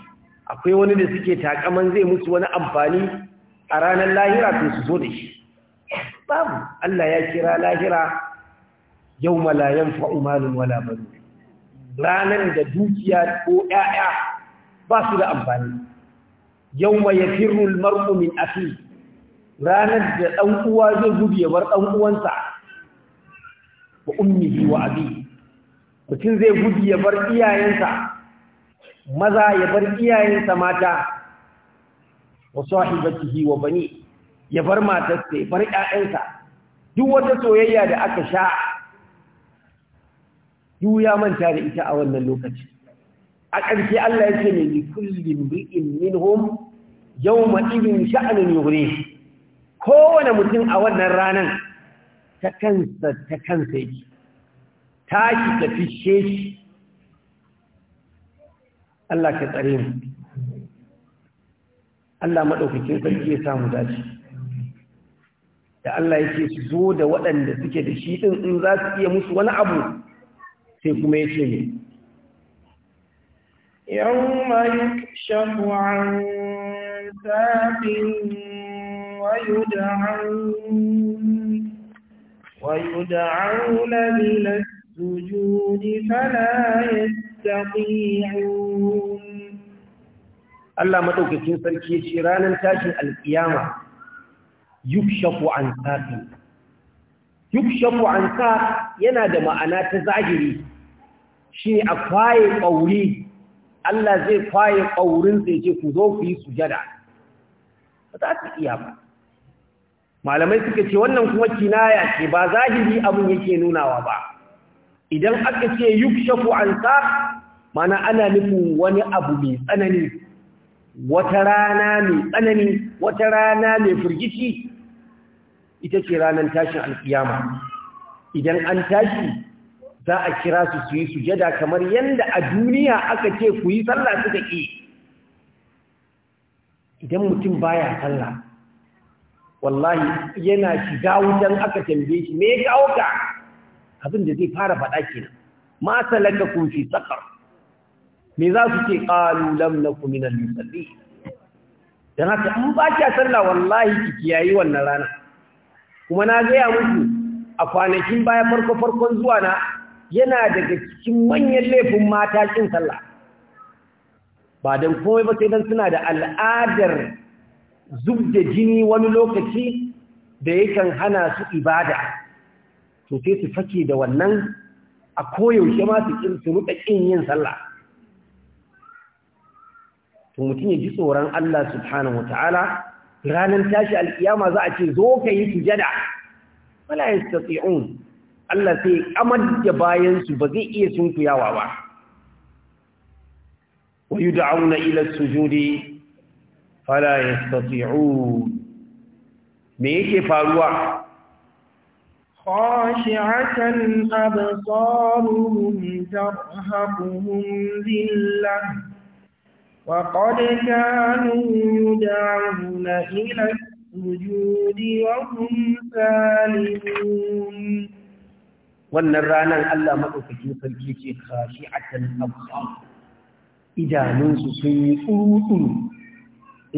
akwai wani da suke takaman zai musu wani amfani a ranar lahira to su zo da shi babu Allah ya kira lahira yawma la yanfa'u malun wala banun ranar da dukiya ko 'ya'ya ba su da amfani yawma yafirru almar'u min akhi ranar da dan uwa zai gudu ya bar dan uwansa wa ummihi wa abihi mutum zai gudu ya bar iyayensa maza ya bar iyayensa mata wa sahibatihi wa bani ya bar matarsa ya bar ƴaƴansa duk wata soyayya da aka sha duk ya manta da ita a wannan lokaci a ƙarshe Allah ya ce ne li kulli mri'in minhum yawma idin sha'anun yughni kowane mutum a wannan ranan ta kansa ta kansa yake Ta ki fishe shi Allah ka tsare mu Allah maɗaukakin sarki ya samu dace da Allah yake su zo da waɗanda suke da shi ɗin in za su iya musu wani abu sai kuma ya ce ne يوم يكشف عن ساق ويدعون ويدعون إلى السجود فلا يستطيعون الله ما توقف يشي ranar tashin alkiyama القيامة an عن yukshafu an yana da ma'ana ta zahiri shi a kwaye Allah zai kwaye ƙaurin zai ce ku zo ku yi sujada ba za ta iya ba malamai suka ce wannan kuma kinaya ce ba zahiri abun yake nunawa ba idan aka ce yukshafu an sa mana ana nufin wani abu mai tsanani wata rana mai tsanani wata rana mai firgici ita ce ranar tashin alkiyama idan an tashi za a kira su su yi sujada kamar yadda a duniya aka ce ku yi sallah suka idan mutum baya sallah wallahi yana shiga wutan aka tambaye shi me ya kawo abin da zai fara faɗa kenan ma kun fi tsakar me za su ce qalu lam nakum min al musalli dan haka in ba a sallah wallahi ki kiyayi wannan rana kuma na gaya muku a kwanakin baya farko farkon zuwa na yana daga cikin manyan laifin mata ƙin sallah ba dan komai ba sai dan suna da al'adar zub da jini wani lokaci da yakan hana su ibada to sai su fake da wannan a koyaushe ma su su ruka ƙin yin sallah to mutum ya ji tsoron Allah subhanahu wataala ranar tashi alƙiyama za a ce zo ka yi su sujada wala un. Allah sai kamar da bayansu ba zai iya sunkuyawa ba wa auna ila sujudi fala un. me yake faruwa خاشعة أبصارهم ترهقهم ذلة وقد كانوا يدعون إلى السجود وهم سالمون wannan ranar Allah maɗaukakin sarki ce kashi a can absar idanunsu sun yi tsuru-tsuru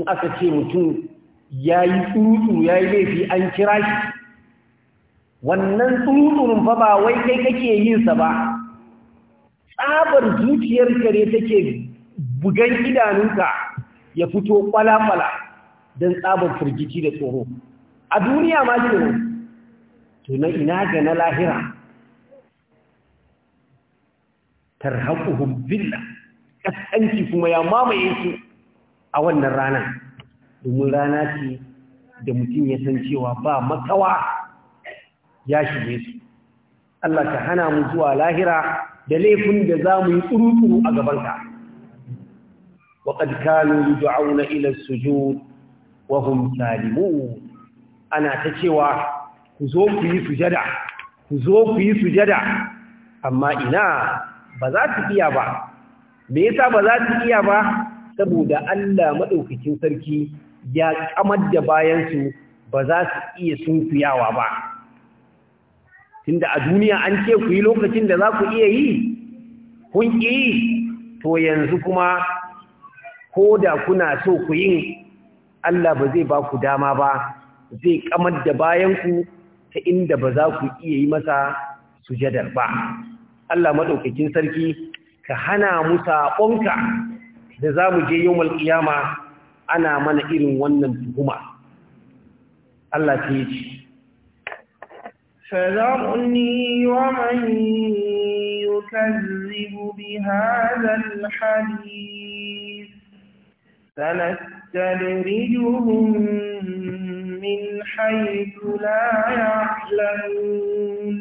in aka ce mutum ya yi tsuru-tsuru ya yi laifi an kira shi wannan tsurutsurun fa ba wai kai kake yin sa ba tsabar zuciyar kare take bugan idanunka ya fito kwala-kwala don tsabar firgici da tsoro a duniya ma ji ne na ina ga na lahira tarhaquhum billah kasanci kuma ya mamaye su a wannan rana domin rana ce da mutum ya san cewa ba makawa ya shige su Allah ka hana mu zuwa lahira da laifin da za mu yi tsuru-tsuru a gabanka waƙad kanu du'auna ila sujud wa hum salimun ana ta cewa ku zo ku yi sujada ku zo ku yi sujada amma ina ba za ta iya ba me yasa ba za ta iya ba saboda Allah madaukakin sarki ya kamar da bayansu ba za su iya sunkuyawa ba tunda a duniya an ce ku yi lokacin da za ku iya yi kun ƙi to yanzu kuma ko da kuna so ku yin Allah ba zai ba ku dama ba zai kamar da bayanku ta inda ba za ku iya yi masa sujadar ba Allah maɗaukakin sarki ka hana mu saƙonka da za mu je yomar ƙiyama ana mana irin wannan tuhuma Allah ta yi ci فذرني ومن يكذب بهذا الحديث سنستدرجهم من حيث لا يعلمون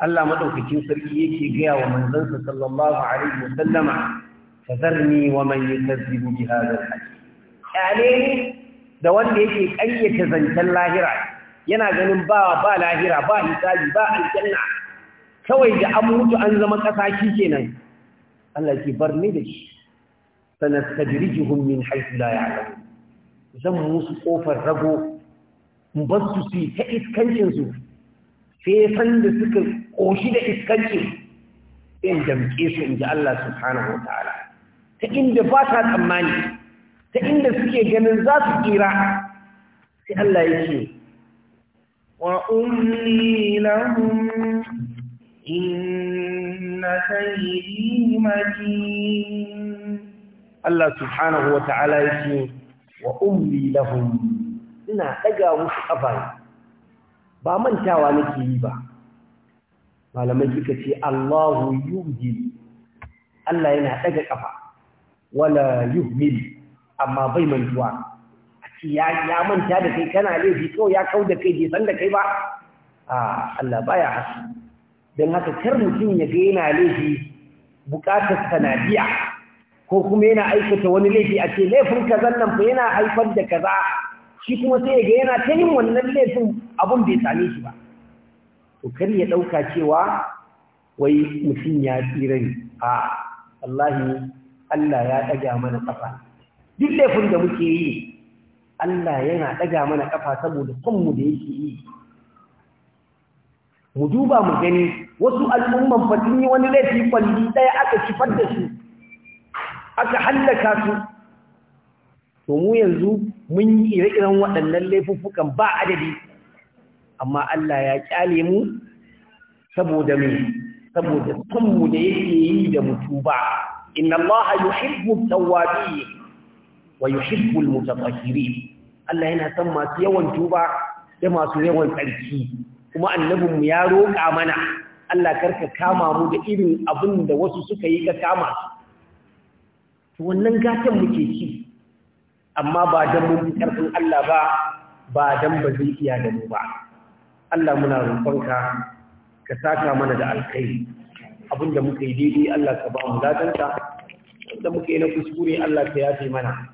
Allah madaukakin sarki yake gaya wa manzansa sallallahu alaihi wasallama fadarni wa man yukazzibu bi hadha al da wanda yake kayyata zancen lahira yana ganin ba ba lahira ba hisabi ba aljanna kawai da an mutu an zama ƙasa shi kenan Allah ke bar ni da shi sanastajrijuhum min haythu la ya'lamun zan musu kofar rago in bar su su ta iskancin su sai san da suka koshi da iskancin in damke su in ji Allah subhanahu wa ta'ala ta inda ba ta tsammani ta inda suke ganin za su kira sai Allah ya ce وأملي لهم إن كيدي متين الله سبحانه وتعالى يقول وأملي لهم ina ɗaga musu ƙafa ba mantawa nake yi ba malamai suka ce Allahu yuhil Allah yana daga kafa wala yuhmil amma bai mantuwa ya manta da kai kana laifi kawai ya kau da kai bai san da kai ba a Allah baya hasu don haka kar mutum ya ga yana laifi bukatar sanadiya ko kuma yana aikata wani laifi a ce laifin kazan nan fa yana haifar da kaza shi kuma sai ya ga yana ta yin wannan laifin abun bai same shi ba to kar ya ɗauka cewa wai mutum ya tsira ne a Allah ya ɗaga mana ƙafa duk laifin da muke yi Allah yana ɗaga mana ƙafa saboda sonmu da yake yi mu duba mu gani wasu al'umman fatin yi wani laifi kwalli ɗaya aka kifar da su aka hallaka su to mu yanzu mun yi ire-iren waɗannan laifuffukan ba adadi amma Allah ya ƙyale mu saboda me saboda sonmu da yake yi da mutu ba inna Allah yuhibbu tawwabin wa yuhibbul mutatahhirin Allah yana son masu yawan tuba da masu yawan tsarki kuma annabinmu ya roƙa mana Allah karka kama mu da irin abin da wasu suka yi ka kama su wannan gatan muke ci amma ba don mun fi ƙarfin Allah ba ba dan ba zai iya da mu ba Allah muna roƙonka ka saka mana da alkhairi abin da muka yi daidai Allah ka ba mu ladanta wanda muka yi na kuskure Allah ka yafe mana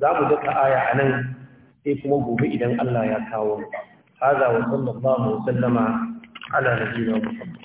za mu daka aya a nan sai kuma gobe idan Allah ya kawo haza wa sallallahu sallama ala nabiyina muhammad